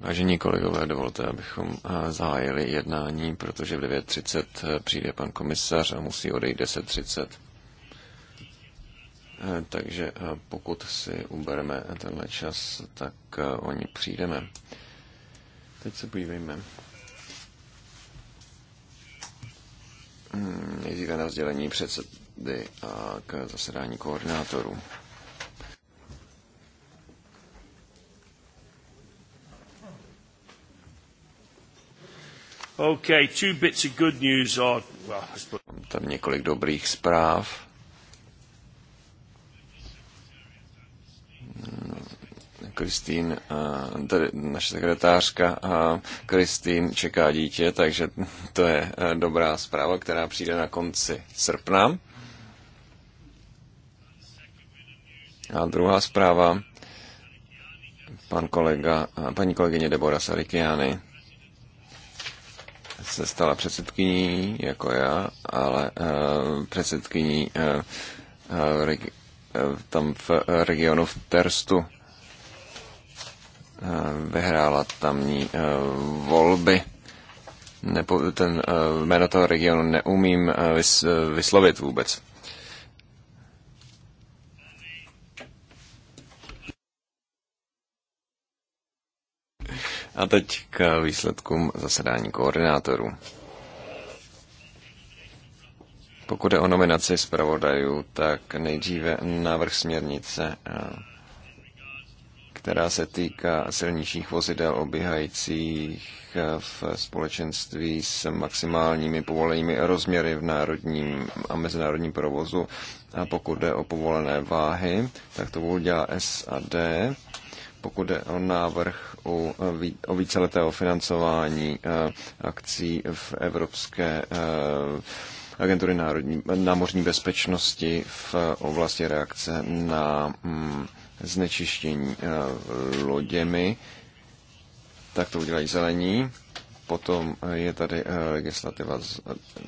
Vážení kolegové, dovolte, abychom eh, zahájili jednání, protože v 9.30 eh, přijde pan komisař a musí odejít 10.30. Eh, takže pokud si ubereme tenhle čas, tak o ní přijdeme. Teď se podívejme. Hmm, nejdříve na vzdělení předsedy a k zasedání koordinátorů. Okay, two bits of good news are, well, Tam několik dobrých zpráv. Kristýn, eh, tady naše sekretářka eh, Kristýn čeká dítě, takže to je eh, dobrá zpráva, která přijde na konci srpna. A druhá zpráva, pan kolega, paní kolegyně Debora Sarikiany se stala předsedkyní, jako já, ale eh, předsedkyní eh, eh, tam v regionu v Terstu. Vyhrála tamní volby. Nepo, ten jméno toho regionu neumím vyslovit vůbec. A teď k výsledkům zasedání koordinátorů. Pokud je o nominaci zpravodajů, tak nejdříve návrh směrnice, eh, která se týká silnějších vozidel obíhajících eh, v společenství s maximálními povolenými rozměry v národním a mezinárodním provozu. A pokud jde o povolené váhy, tak to bude dělat S a D pokud jde o návrh o víceletého financování eh, akcí v Evropské eh, agentury národní, námořní bezpečnosti v eh, oblasti reakce na mm, znečištění loděmi, tak to udělají zelení. Potom je tady legislativa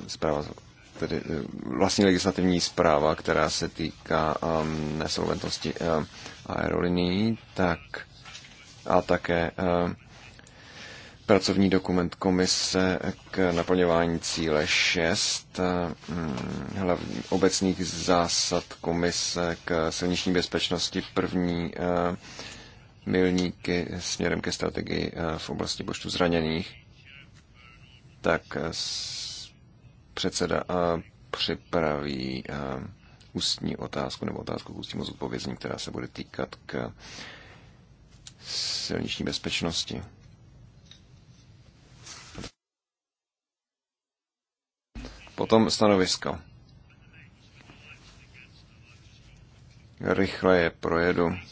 zpráva tedy eh, vlastní legislativní zpráva, která se týká um, nesolventnosti um, aerolinií, tak a také um, pracovní dokument komise k naplňování cíle 6 hm, hlavní obecných zásad komise k silniční bezpečnosti první milníky směrem ke strategii v oblasti počtu zraněných, tak předseda eh, připraví eh, ústní otázku nebo otázku k ústnímu zodpovězení, která se bude týkat k silniční bezpečnosti. Potom stanovisko. Rychle je projedu. Eh,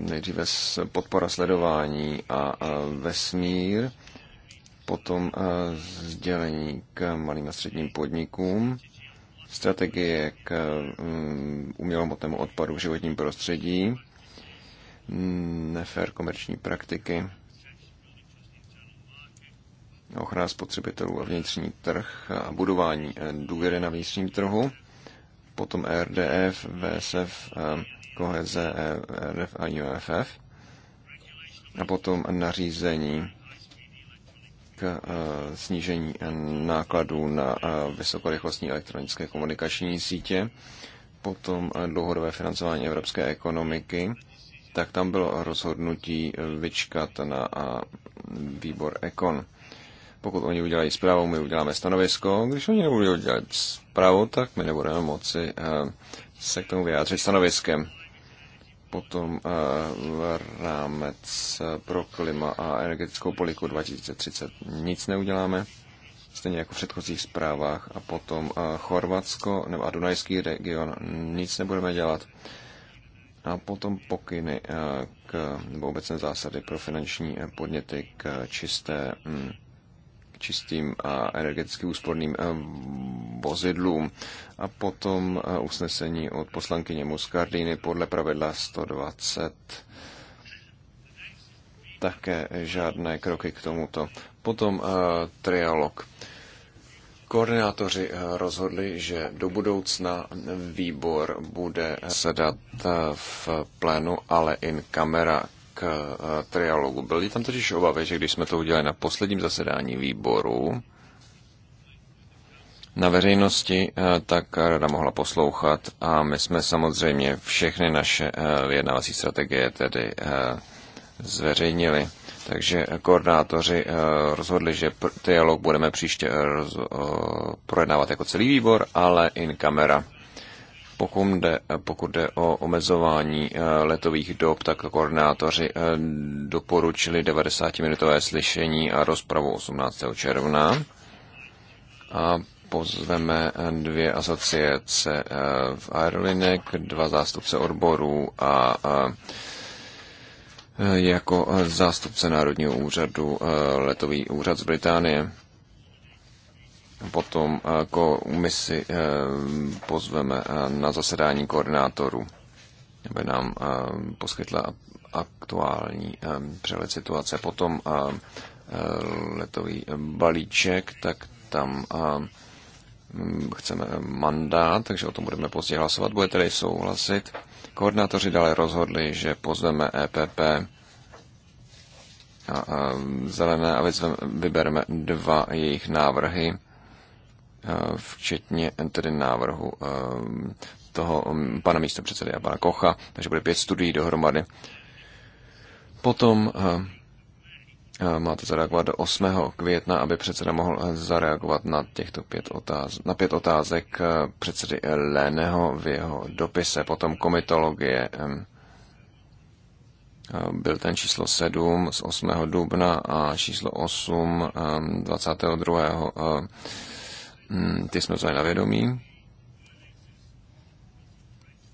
nejdříve podpora sledování a vesmír potom eh, sdělení k malým a středním podnikům, strategie k mm, umělomotnému odpadu v životním prostředí, nefér komerční praktiky, ochrana spotřebitelů a vnitřní trh a budování eh, důvěry na vnitřním trhu, potom RDF, VSF, eh, koheze, RF a UFF a potom nařízení k eh, snížení nákladů na eh, vysokorychlostní elektronické komunikační sítě, potom eh, dlouhodobé financování evropské ekonomiky, tak tam bylo rozhodnutí vyčkat na výbor Ekon. Pokud oni udělají zprávu, my uděláme stanovisko. Když oni nebudou dělat zprávu, tak my nebudeme moci se k tomu vyjádřit stanoviskem potom eh, v rámec eh, pro klima a energetickou politiku 2030 nic neuděláme, stejně jako v předchozích zprávách, a potom eh, Chorvatsko nebo a Dunajský region nic nebudeme dělat, a potom pokyny k, nebo obecné zásady pro finanční podněty k čisté mm, čistým a energeticky úsporným eh, vozidlům. A potom eh, usnesení od poslankyně Muscardini podle pravidla 120 také žádné kroky k tomuto. Potom uh, trialog. Koordinátoři rozhodli, že do budoucna výbor bude sedat v plénu, ale in kamera Eh, trialogu. Byly tam totiž obavy, že když jsme to udělali na posledním zasedání výboru, na veřejnosti, eh, tak rada mohla poslouchat a my jsme samozřejmě všechny naše eh, vyjednávací strategie tedy zveřejnili. Takže koordinátoři rozhodli, že dialog budeme příště projednávat jako celý výbor, ale in kamera pokud jde, pokud jde o omezování eh, letových dob, tak koordinátoři eh, doporučili 90-minutové slyšení a rozpravu 18. června. A pozveme eh, dvě asociace v aerolinek, dva zástupce odborů a jako zástupce Národního úřadu letový úřad z Británie potom eh, ko jako si eh, pozveme eh, na zasedání koordinátorů, aby nám poskytla aktuální přehled situace. Potom letový balíček, tak tam chceme mandát, takže o tom budeme později hlasovat. Bude tedy souhlasit. Koordinátoři dále rozhodli, že pozveme EPP a, a zelené a vybereme dva jejich návrhy Eh, včetně eh, tedy návrhu eh, toho mm, pana předsedy a pana Kocha, takže bude pět studií dohromady. Potom máte zareagovat do 8. května, aby předseda mohl zareagovat na těchto pět otázek, na pět otázek předsedy Léného v jeho dopise, potom komitologie, byl ten číslo 7 z 8. dubna a číslo 8 22. Hmm, ty jsme vzali na vědomí.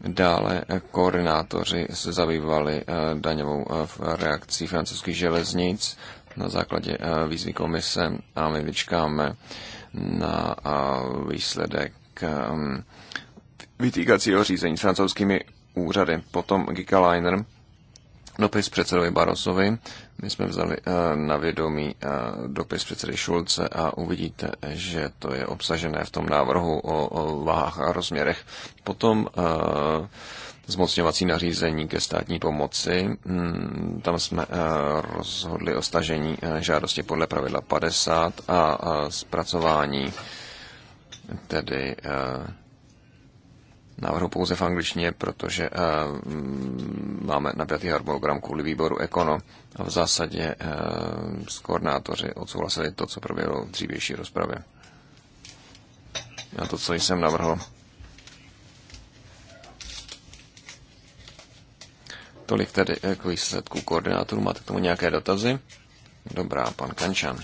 Dále eh, koordinátoři se zabývali eh, daňovou eh, reakcí francouzských železnic na základě výzvy komise a my vyčkáme na výsledek vytýkacího řízení s francouzskými úřady. Potom Gigaliner dopis předsedovi Barosovi. My jsme vzali eh, na vědomí eh, dopis předsedy Šulce a uvidíte, že to je obsažené v tom návrhu o, váhách a rozměrech. Potom eh, zmocňovací nařízení ke státní pomoci. Mm, tam jsme rozhodli o stažení žádosti podle pravidla 50 a zpracování tedy návrhu pouze v angličtině, protože eh, mm, máme napjatý harmonogram kvůli výboru Ekono a v zásadě z eh, koordinátoři odsouhlasili to, co proběhlo v dřívější rozpravě. A to, co jsem navrhl. Tolik tedy eh, k výsledku koordinátorů. Máte k tomu nějaké dotazy? Dobrá, pan Kančan.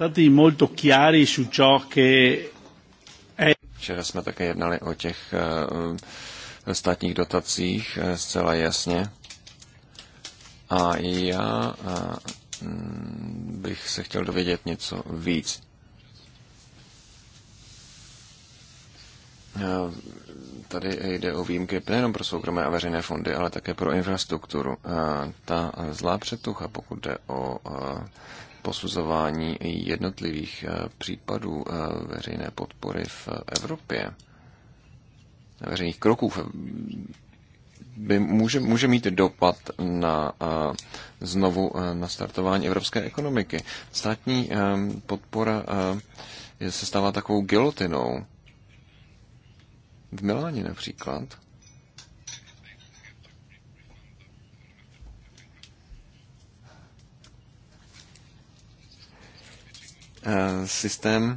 stati molto chiari su ciò che è... Včera jsme také jednali o těch eh, eh, státních dotacích eh, zcela jasně. A já mm, bych se chtěl dovědět něco víc. Tady jde o výjimky nejenom pro soukromé a veřejné fondy, ale také pro infrastrukturu. Ta zlá přetucha, pokud jde o posuzování jednotlivých eh, případů eh, veřejné podpory v Evropě, veřejných kroků by může, může mít dopad na eh, znovu na startování evropské ekonomiky. Státní podpora se stává takovou gilotinou. V Miláně například Eh, systém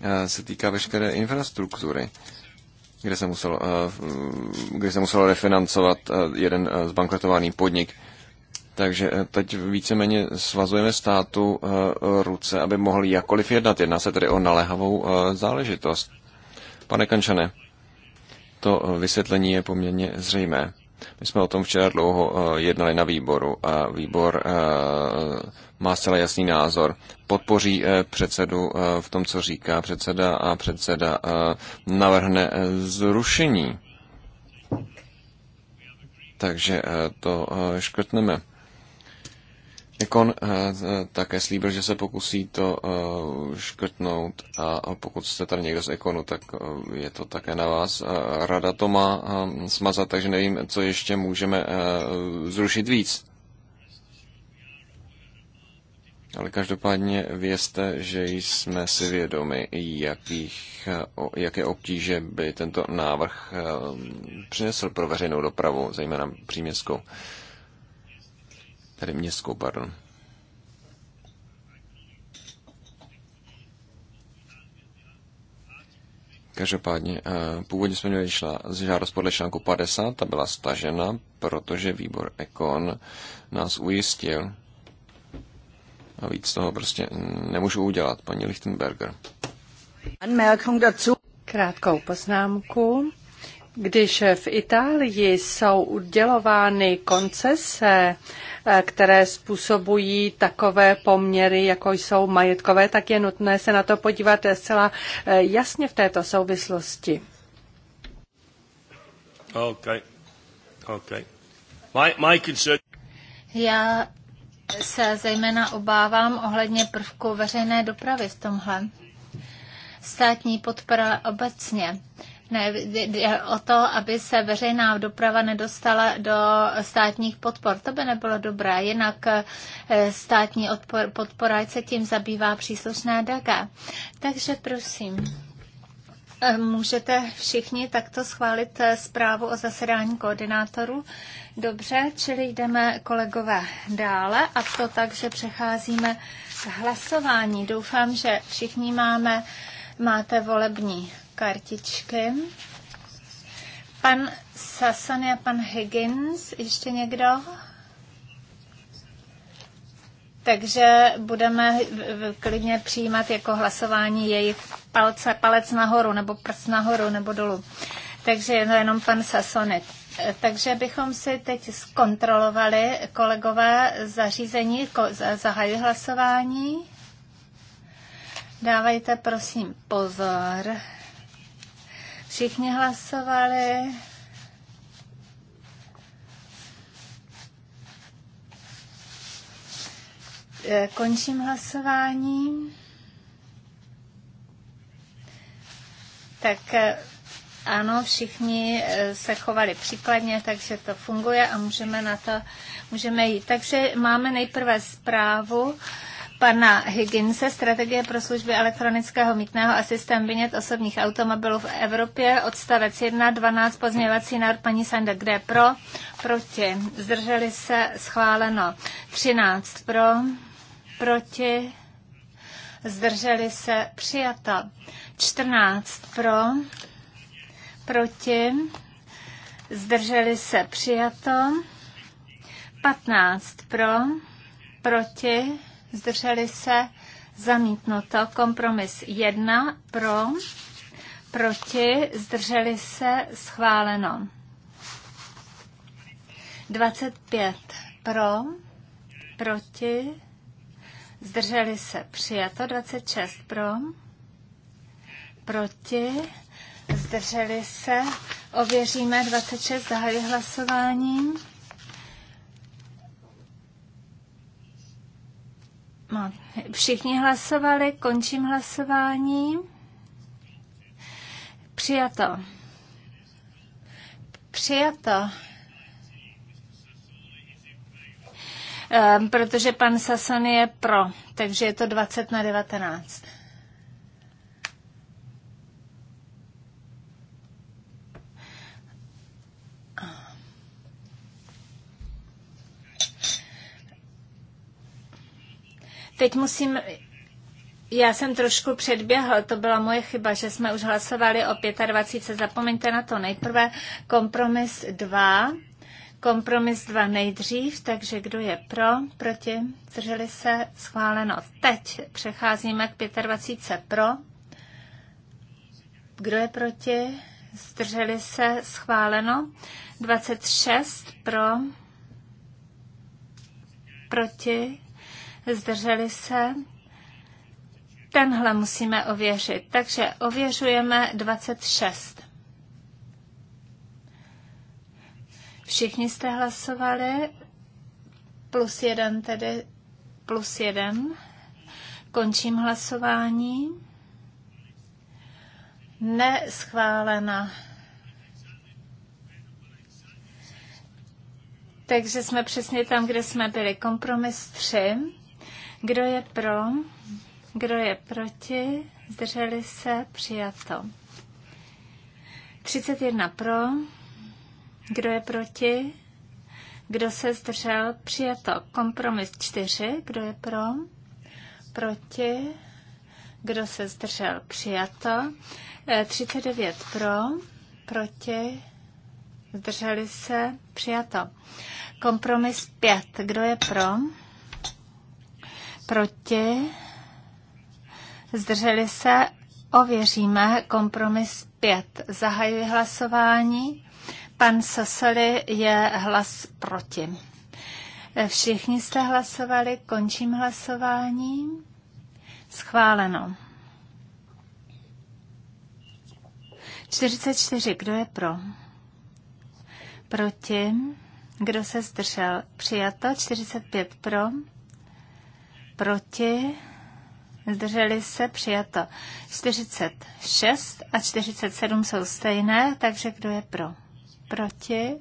eh, se týká veškeré infrastruktury, kde se muselo, eh, mm, kde se muselo refinancovat jeden zbankrotovaný podnik. Takže teď víceméně svazujeme státu ruce, aby mohl jakkoliv jednat. Jedná se tedy o naléhavou záležitost. Pane Kančane, to vysvětlení je poměrně zřejmé. My jsme o tom včera dlouho eh, jednali na výboru a výbor eh, má zcela jasný názor. Podpoří eh, předsedu v tom, co říká předseda a předseda navrhne zrušení. Takže to škrtneme. Ekon eh, eh, také slíbil, že se pokusí to eh, škrtnout a pokud jste tady někdo z Ekonu, tak je to také na vás. Rada to má smazat, takže nevím, co ještě můžeme zrušit víc. Ale každopádně vězte, že jsme si vědomi, jakých, jaké obtíže by tento návrh přinesl pro veřejnou dopravu, zejména příměstskou tady městskou, pardon. Každopádně, eh, původně jsme měli šla žádost podle článku 50, ta byla stažena, protože výbor Ekon nás ujistil. A víc toho prostě nemůžu udělat, paní Lichtenberger. Krátkou poznámku. Když v Itálii jsou udělovány koncese Eh, které způsobují takové poměry, jako jsou majetkové, tak je nutné se na to podívat zcela eh, jasně v této souvislosti. Okay. Okay. My, my concern... Já se zejména obávám ohledně prvku veřejné dopravy v tomhle. Státní podpora obecně ne, jde o to, aby se veřejná doprava nedostala do státních podpor. To by nebylo dobré, jinak eh, státní odpor, podpora, se tím zabývá příslušná DAGA. Takže prosím. Eh, můžete všichni takto schválit eh, zprávu o zasedání koordinátorů. Dobře, čili jdeme kolegové dále a to tak, že přecházíme k hlasování. Doufám, že všichni máme, máte volební kartičky. Pan Sasan a pan Higgins, ještě někdo? takže budeme klidně přijímat jako hlasování jejich palce, palec nahoru nebo prst nahoru nebo dolů. Takže je to jenom pan Sasonit. Takže bychom si teď zkontrolovali, kolegové, zařízení, zahají hlasování. Dávajte prosím pozor. Všichni hlasovali. E, končím hlasování. Tak e, ano, všichni e, se chovali příkladně, takže to funguje a můžeme na to můžeme jít. Takže máme nejprve zprávu pana Higginse, strategie pro služby elektronického mítného a systém vynět osobních automobilů v Evropě, odstavec 1, 12, pozměvací návrh paní Sanda, kde pro, proti, zdrželi se, schváleno, 13 pro, proti, zdrželi se, přijato, 14 pro, proti, zdrželi se, přijato, 15 pro, proti, zdrželi se, zamítnuto. Kompromis 1 pro, proti, zdrželi se, schváleno. 25 pro, proti, zdrželi se, přijato. 26 pro, proti, zdrželi se, ověříme 26, zahajuji hlasování. No, všichni hlasovali, končím hlasování. Přijato. Přijato. Ehm, protože pan Sason je pro, takže je to 20 na 19. Teď musím já jsem trošku předběhl, to byla moje chyba, že jsme už hlasovali o 25. Zapomeňte na to nejprve. Kompromis 2. Kompromis 2 nejdřív, takže kdo je pro, proti, drželi se, schváleno. Teď přecházíme k 25. pro. Kdo je proti, zdrželi se, schváleno. 26 pro, proti, zdrželi se. Tenhle musíme ověřit. Takže ověřujeme 26. Všichni jste hlasovali, plus jeden tedy, plus jeden. Končím hlasování. Neschválena. Takže jsme přesně tam, kde jsme byli. Kompromis 3. Kdo je pro? Kdo je proti? Zdrželi se? Přijato. 31 pro. Kdo je proti? Kdo se zdržel? Přijato. Kompromis 4. Kdo je pro? Proti? Kdo se zdržel? Přijato. 39 e, pro. Proti? Zdrželi se? Přijato. Kompromis 5. Kdo je pro? proti, zdrželi se, ověříme kompromis 5. Zahajuji hlasování. Pan Sosoli je hlas proti. Všichni jste hlasovali, končím hlasování. Schváleno. 44. Kdo je pro? Proti. Kdo se zdržel? Přijato. 45 pro proti, zdrželi se, přijato. 46 a 47 jsou stejné, takže kdo je pro? Proti,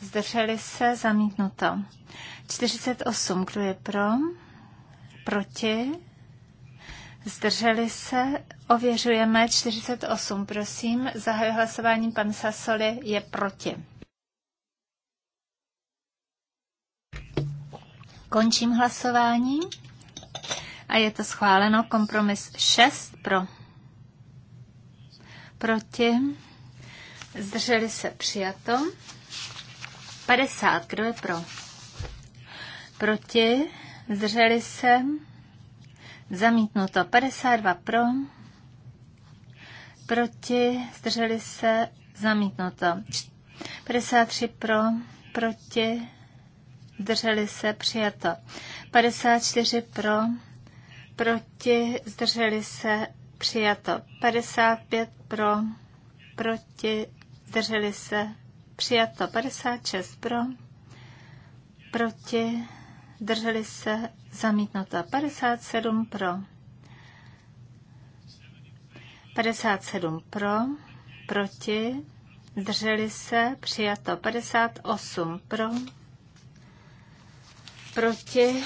zdrželi se, zamítnuto. 48, kdo je pro? Proti, zdrželi se, ověřujeme 48, prosím. Zahaj hlasování, pan Sasoli je proti. Končím hlasování a je to schváleno. Kompromis 6 pro. Proti. Zdrželi se přijato. 50. Kdo je pro? Proti. Zdrželi se. Zamítnuto. 52 pro. Proti. Zdrželi se. Zamítnuto. 53 pro. Proti zdrželi se, přijato. 54 pro, proti, zdrželi se, přijato. 55 pro, proti, zdrželi se, přijato. 56 pro, proti, zdrželi se, zamítnuto. 57 pro, 57 pro, proti, zdrželi se, přijato. 58 pro, proti,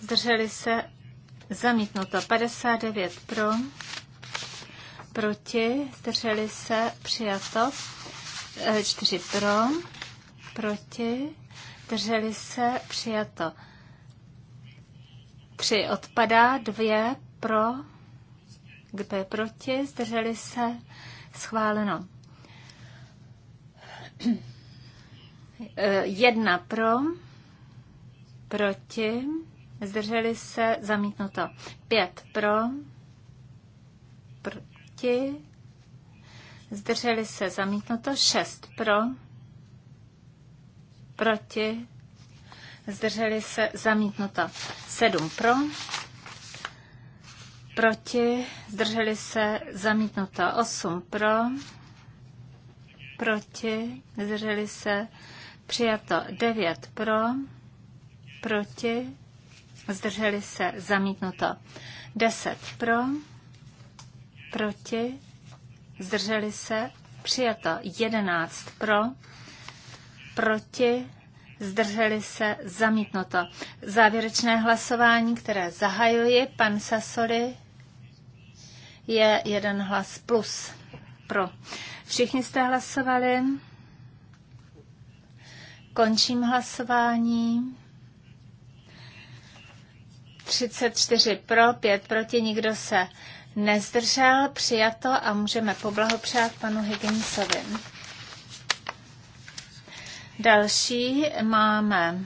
zdrželi se, zamítnuto 59 pro, proti, zdrželi se, přijato 4 e, pro, proti, zdrželi se, přijato 3 odpadá, 2 pro, kdo je proti, zdrželi se, schváleno. E, jedna pro, proti, zdrželi se, zamítnuto. Pět pro, proti, zdrželi se, zamítnuto. Šest pro, proti, zdrželi se, zamítnuto. Sedm pro, proti, zdrželi se, zamítnuto. Osm pro, proti, zdrželi se, přijato. Devět pro, proti, zdrželi se, zamítnuto. 10 pro, proti, zdrželi se, přijato. 11 pro, proti, zdrželi se, zamítnuto. Závěrečné hlasování, které zahajuji, pan Sasoli je jeden hlas plus pro. Všichni jste hlasovali. Končím hlasování. 34 pro, 5 proti, nikdo se nezdržel, přijato a můžeme poblahopřát panu Higginsovi. Další máme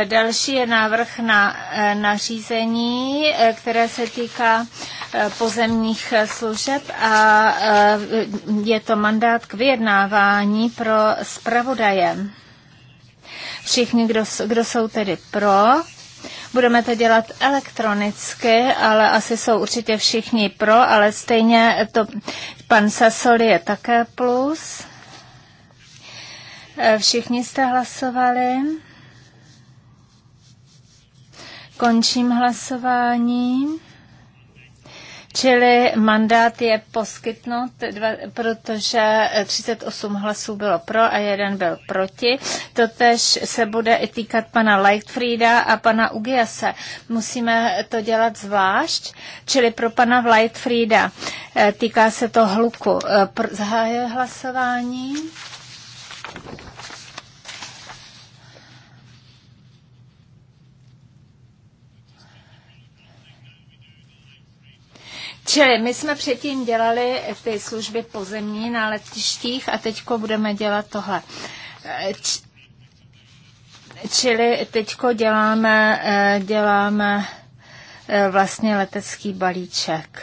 Eh, další je návrh na eh, nařízení, eh, které se týká pozemních služeb a je to mandát k vyjednávání pro zpravodaje. Všichni, kdo, kdo jsou tedy pro, Budeme to dělat elektronicky, ale asi jsou určitě všichni pro, ale stejně to pan Sasol je také plus. Všichni jste hlasovali. Končím hlasování. Čili mandát je poskytnut, protože 38 hlasů bylo pro a jeden byl proti. Totež se bude i týkat pana Lightfrieda a pana Ugiase. Musíme to dělat zvlášť, čili pro pana Lightfrieda. E, týká se to hluku. E, zahájil hlasování. Čili my jsme předtím dělali ty služby pozemní na letištích a teďko budeme dělat tohle. Č- čili teďko děláme, eh, děláme eh, vlastně letecký balíček.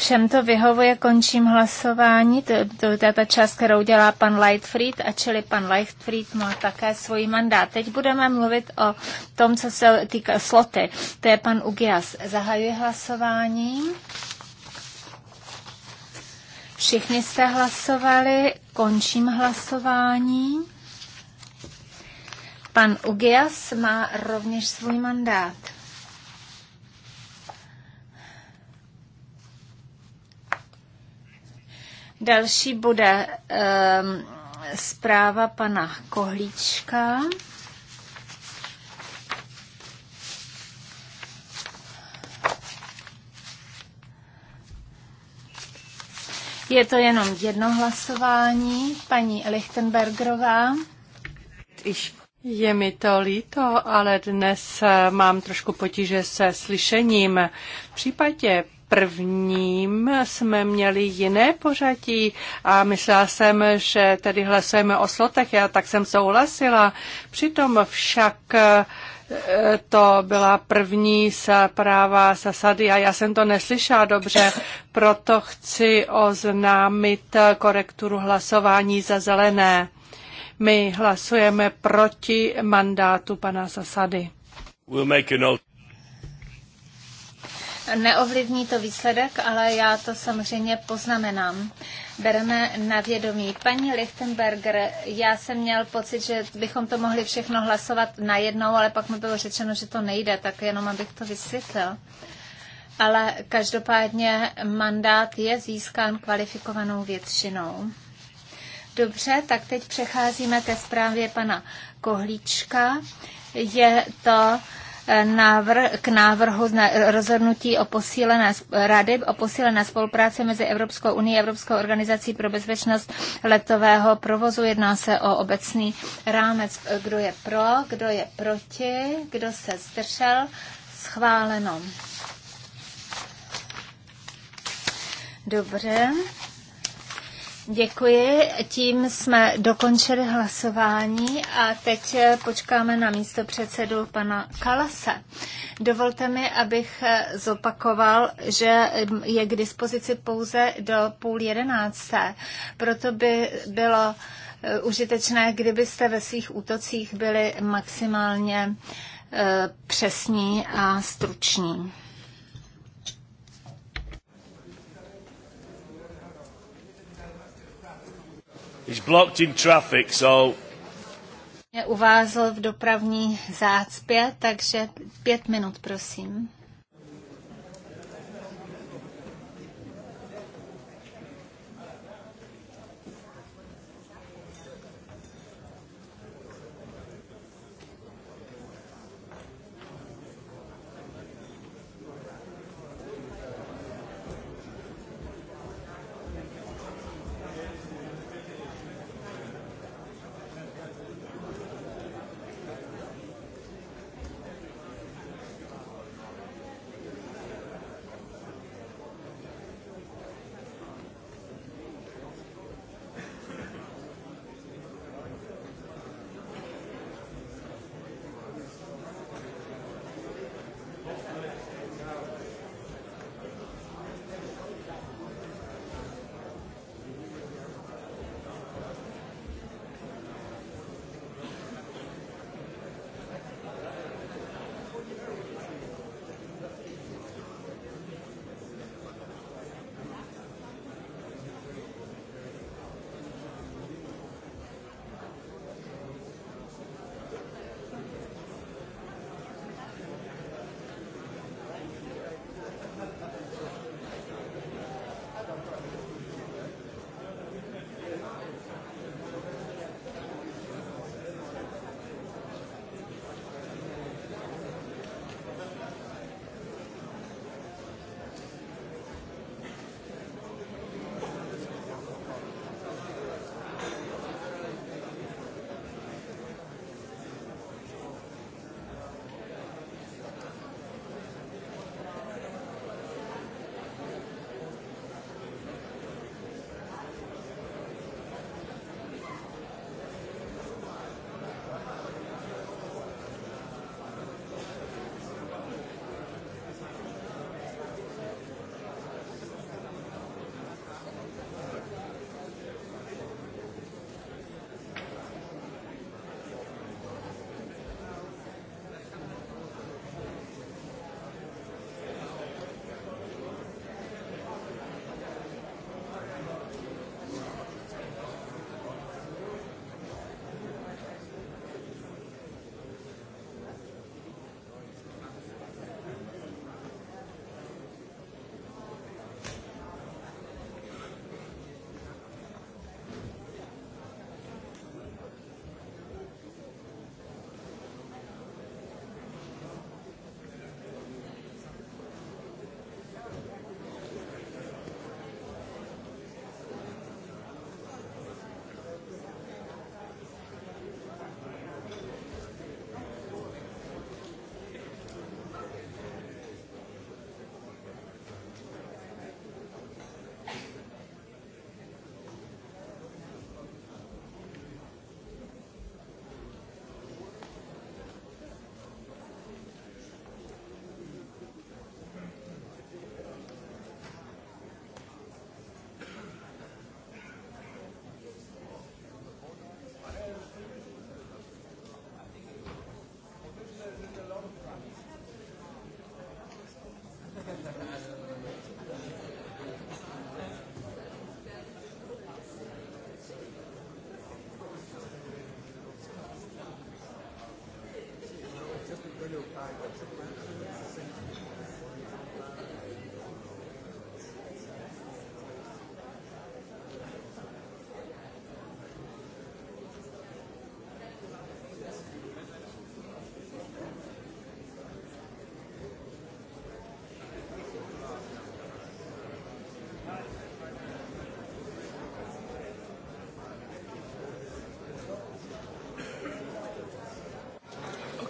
Všem to vyhovuje, končím hlasování. To, to, to je ta část, kterou dělá pan Lightfried, a čili pan Lightfried má také svůj mandát. Teď budeme mluvit o tom, co se týká sloty. To je pan Ugias. Zahajuji hlasování. Všichni jste hlasovali, končím hlasování. Pan Ugias má rovněž svůj mandát. Další bude um, zpráva pana Kohlíčka. Je to jenom jedno hlasování. Paní Lichtenbergerová. Je mi to líto, ale dnes eh, mám trošku potíže se slyšením. V případě prvním jsme měli jiné pořadí a myslela jsem, že tedy hlasujeme o slotech, já tak jsem souhlasila. Přitom však eh, to byla první zpráva zasady a já jsem to neslyšela dobře, proto chci oznámit korekturu hlasování za zelené. My hlasujeme proti mandátu pana zasady. We'll make a note. Neovlivní to výsledek, ale já to samozřejmě poznamenám. Bereme na vědomí. Paní Lichtenberger, já jsem měl pocit, že bychom to mohli všechno hlasovat najednou, ale pak mi bylo řečeno, že to nejde, tak jenom abych to vysvětlil. Ale každopádně mandát je získán kvalifikovanou většinou. Dobře, tak teď přecházíme ke zprávě pana Kohlíčka. Je to návrh, k návrhu rozhodnutí o posílené, rady o posílené spolupráci mezi Evropskou unii a Evropskou organizací pro bezpečnost letového provozu. Jedná se o obecný rámec, kdo je pro, kdo je proti, kdo se zdržel. Schváleno. Dobře. Děkuji. Tím jsme dokončili hlasování a teď počkáme na místo předsedu pana Kalase. Dovolte mi, abych zopakoval, že je k dispozici pouze do půl jedenácté. Proto by bylo eh, užitečné, kdybyste ve svých útocích byli maximálně eh, přesní a struční. He's blocked in traffic, so... Mě uvázl v dopravní zácpě, takže pět minut, prosím.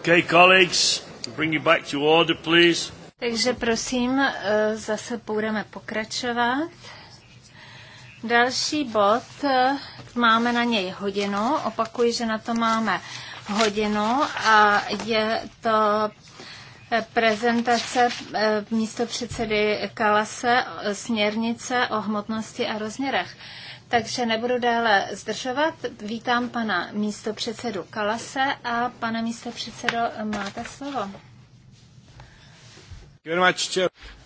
Okay, colleagues, bring you back to order, please. Takže prosím, eh, zase budeme pokračovat. Další bod, eh, máme na něj hodinu, opakuji, že na to máme hodinu a je to eh, prezentace místo předsedy Kalase směrnice o hmotnosti a rozměrech. Takže nebudu déle zdržovat. Vítám pana místopředsedu Kalase a pane místopředsedo, máte slovo.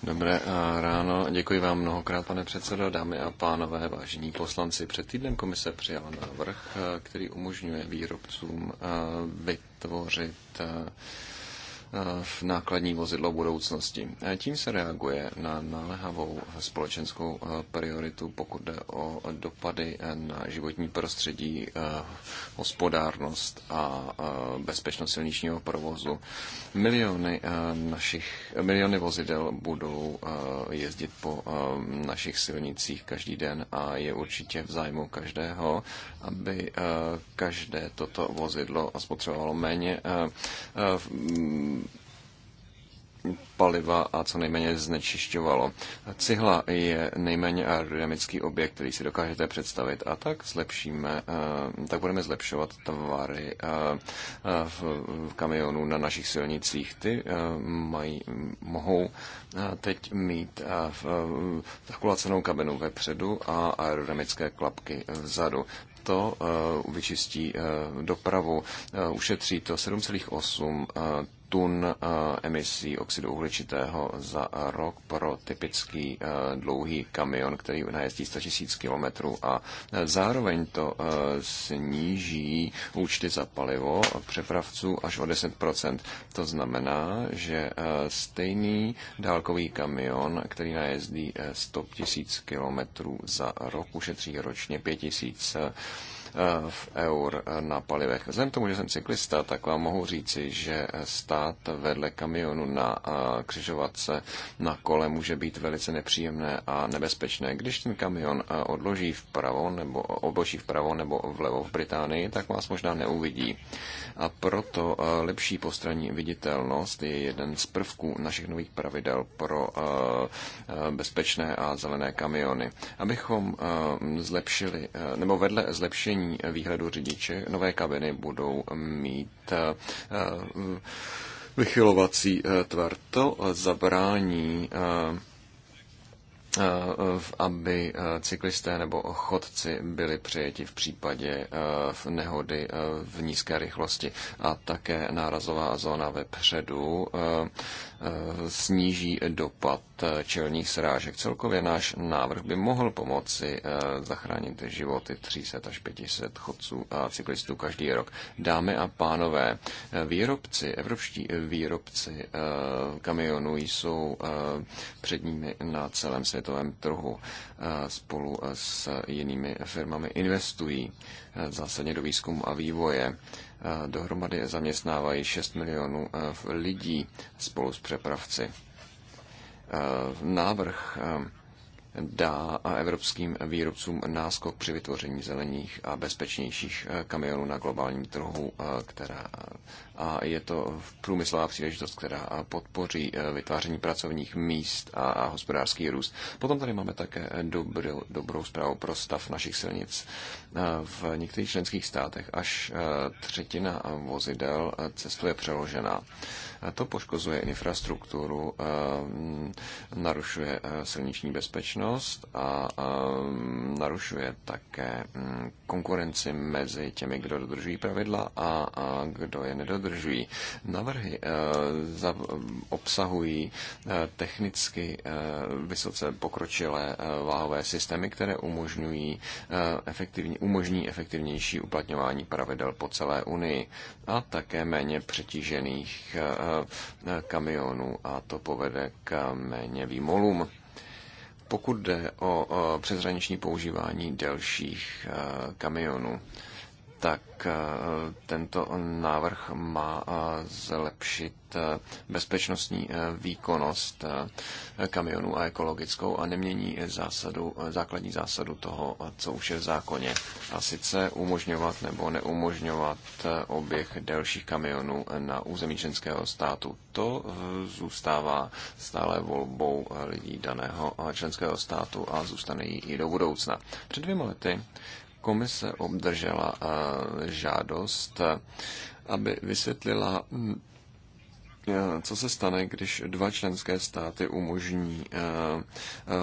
Dobré eh, ráno, děkuji vám mnohokrát, pane předsedo, dámy a pánové, vážení poslanci. Před týdnem komise přijala návrh, eh, který umožňuje výrobcům eh, vytvořit v nákladní vozidlo budoucnosti. Tím se reaguje na náléhavou společenskou eh, prioritu, pokud jde o dopady eh, na životní prostředí, eh, hospodárnost a bezpečnost silničního provozu. Miliony, našich, miliony vozidel budou jezdit po našich silnicích každý den a je určitě v zájmu každého, aby každé toto vozidlo spotřebovalo méně paliva a co nejméně znečišťovalo. Cihla je nejméně aerodynamický objekt, který si dokážete představit a tak zlepšíme, eh, tak budeme zlepšovat tvary eh, eh, v kamionů na našich silnicích. Ty mají, mohou teď mít zakulacenou kabinu vepředu a aerodynamické klapky vzadu to vyčistí dopravu. Ušetří to 7,8 tun eh, emisí oxidu uhličitého za rok pro typický eh, dlouhý kamion, který najezdí 100 000 km a eh, zároveň to sníží účty za palivo přepravců až o 10 To znamená, že stejný dálkový kamion, který najezdí 100 000 km za rok, ušetří ročně 5 000 v eur na palivech. Vzhledem tomu, že jsem cyklista, tak vám mohu říci, že stát vedle kamionu na křižovatce na kole může být velice nepříjemné a nebezpečné. Když ten kamion odloží vpravo nebo odloží vpravo nebo vlevo v Británii, tak vás možná neuvidí. A proto lepší postranní viditelnost je jeden z prvků našich nových pravidel pro bezpečné a zelené kamiony. Abychom zlepšili, nebo vedle zlepšení zlepšení výhledu řidiče. Nové kabiny budou mít eh, eh, vychylovací eh, tvar. To zabrání aby cyklisté nebo chodci byli přijeti v případě nehody v nízké rychlosti. A také nárazová zóna vepředu Eh, sníží dopad eh, čelních srážek. Celkově náš návrh by mohl pomoci eh, zachránit životy 300 až 500 chodců a cyklistů každý rok. Dámy a pánové, výrobci, evropští výrobci kamionů jsou předními na celém světovém trhu. Spolu s jinými firmami investují zásadně do výzkumu a vývoje Dohromady zaměstnávají 6 milionů eh, lidí spolu s přepravci. Eh, návrh eh, dá evropským výrobcům náskok při vytvoření zelených a bezpečnějších kamionů na globálním trhu, která a je to průmyslová příležitost, která podpoří eh, vytváření pracovních míst a hospodářský růst. Potom tady máme také eh, dobrou, dobrou zprávu pro stav našich silnic. Eh, v některých členských státech až třetina vozidel cestuje přeložená. To poškozuje infrastrukturu, narušuje silniční bezpečnost a narušuje také mm, konkurenci mezi těmi, kdo dodržují pravidla a kdo je nedodržují nedodržují. Navrhy eh, obsahují eh, technicky eh, vysoce pokročilé váhové systémy, které umožňují efektivní, umožní efektivnější uplatňování pravidel po celé Unii a také méně přetížených kamionů a to povede k méně výmolům. Pokud jde o přeshraniční používání delších kamionů, tak eh, tento návrh má eh, zlepšit eh, bezpečnostní výkonnost kamionů a ekologickou a nemění zásadu, základní zásadu toho, co už je v zákoně. A sice umožňovat nebo neumožňovat oběh delších kamionů na území členského státu. To zůstává stále volbou lidí daného členského státu a zůstane jí i do budoucna. Před dvěma lety komise obdržela eh, žádost, aby vysvětlila, hm, eh, co se stane, když dva členské státy umožní eh,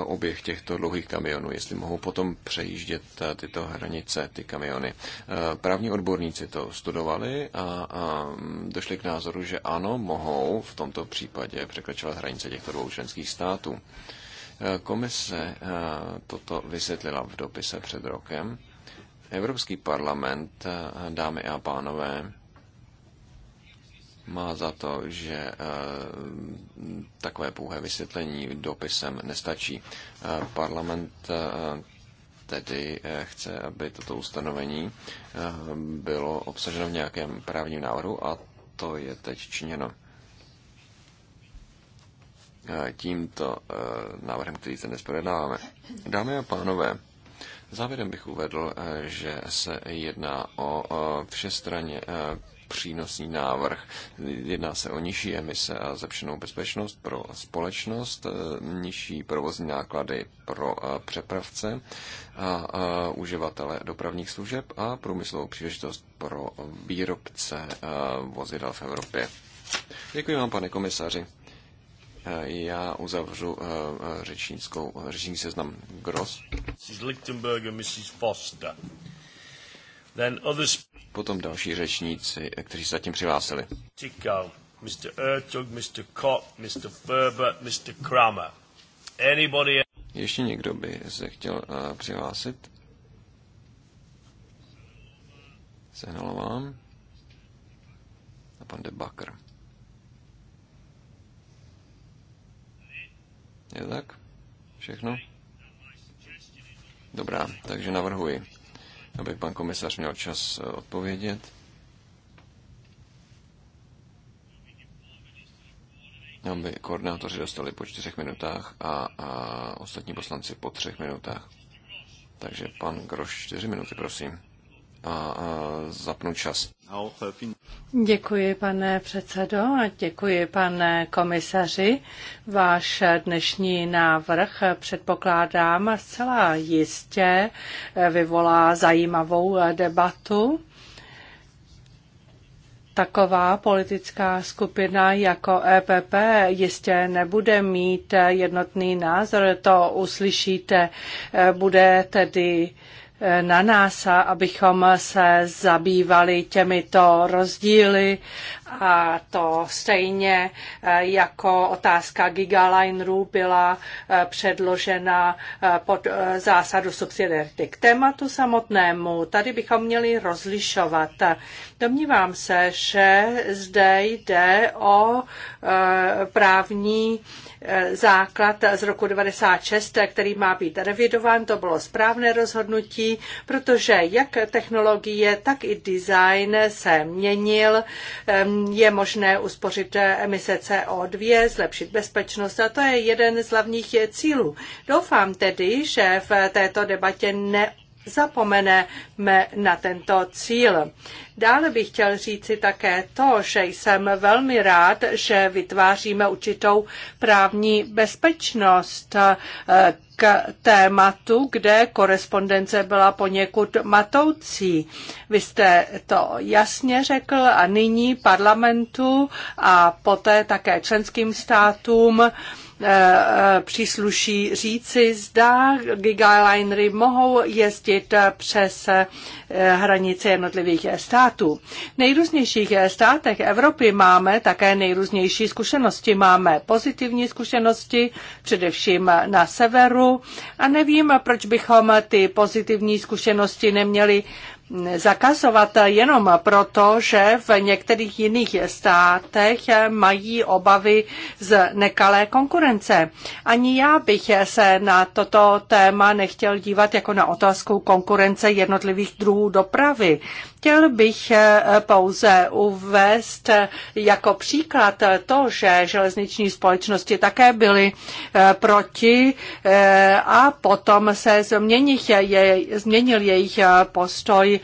oběh těchto dlouhých kamionů, jestli mohou potom přejíždět tyto hranice, ty kamiony. Právní odborníci to studovali a hm, došli k názoru, že ano, mohou v tomto případě překračovat hranice těchto dvou členských států. Komise toto vysvětlila v dopise před rokem Evropský parlament, eh, dámy a pánové, má za to, že eh, takové pouhé vysvětlení dopisem nestačí. Eh, parlament tedy chce, aby toto ustanovení bylo obsaženo v nějakém právním návrhu a to je teď činěno. Tímto návrhem, který se dnes projednáváme. Dámy a pánové, Závěrem bych uvedl, eh, že se jedná o všestranně eh, přínosný návrh. Jedná se o nižší emise a zlepšenou bezpečnost pro společnost, eh, nižší provozní náklady pro přepravce a uživatele dopravních služeb a průmyslovou příležitost pro výrobce vozidel v Evropě. Děkuji vám, pane komisaři já uzavřu eh, eh, řečnickou, řečnický seznam Gross. Mrs. Mrs. Foster. Then others... Potom další řečníci, kteří se zatím přihlásili. Mr. Ertug, Mr. Mr. Ferber, Mr. Kramer. Anybody... Ještě někdo by se chtěl uh, přihlásit? Sehnalo vám. A pan Debakr. Je tak? Všechno? Dobrá, takže navrhuji, aby pan komisař měl čas eh, odpovědět. aby koordinátoři dostali po čtyřech minutách a, a ostatní poslanci po třech minutách. Takže pan Groš, čtyři minuty, prosím a zapnout čas. Děkuji, pane předsedo, a děkuji, pane komisaři. Váš dnešní návrh, předpokládám, zcela jistě vyvolá zajímavou debatu taková politická skupina jako EPP jistě nebude mít jednotný názor, to uslyšíte, bude tedy na nás, abychom se zabývali těmito rozdíly a to stejně eh, jako otázka gigalinerů byla eh, předložena eh, pod zásadu subsidiarity. K tématu samotnému tady bychom měli rozlišovat. Domnívám se, že zde jde o právní základ z roku 96, který má být revidován. To bylo správné rozhodnutí, protože jak technologie, tak i design se měnil je možné uspořit emise CO2, zlepšit bezpečnost a to je jeden z hlavních cílů. Doufám tedy, že v této debatě ne zapomeneme na tento cíl. Dále bych chtěl říci také to, že jsem velmi rád, že vytváříme určitou právní bezpečnost eh, k tématu, kde korespondence byla poněkud matoucí. Vy jste to jasně řekl a nyní parlamentu a poté také členským státům Eh, eh, přísluší říci, zda gigalinery mohou jezdit eh, přes hranice jednotlivých států. V nejrůznějších státech Evropy máme také nejrůznější zkušenosti. Máme pozitivní zkušenosti, především na severu a nevím, proč bychom ty pozitivní zkušenosti neměli zakazovat jenom proto, že v některých jiných státech mají obavy z nekalé konkurence. Ani já bych se na toto téma nechtěl dívat jako na otázku konkurence jednotlivých druhů dopravy. Chtěl bych eh, pouze uvést eh, jako příklad eh, to, že železniční společnosti také byly proti a potom se změnil, změnil jejich postoj.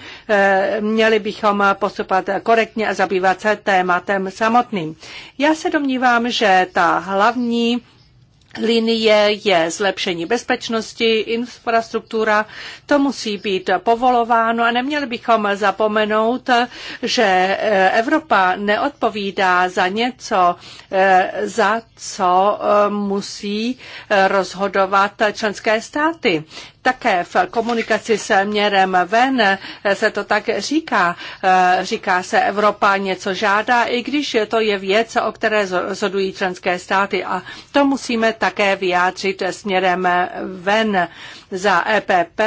Měli bychom postupovat korektně a zabývat se tématem samotným. Já se domnívám, že ta hlavní linie je zlepšení bezpečnosti, infrastruktura, to musí být povolováno a neměli bychom zapomenout, že eh, Evropa neodpovídá za něco, eh, za co eh, musí rozhodovat členské státy. Také v komunikaci s měrem ven se to tak říká. Eh, říká se Evropa něco žádá, i když to je věc, o které rozhodují členské státy. A to musíme také vyjádřit směrem ven za EPP.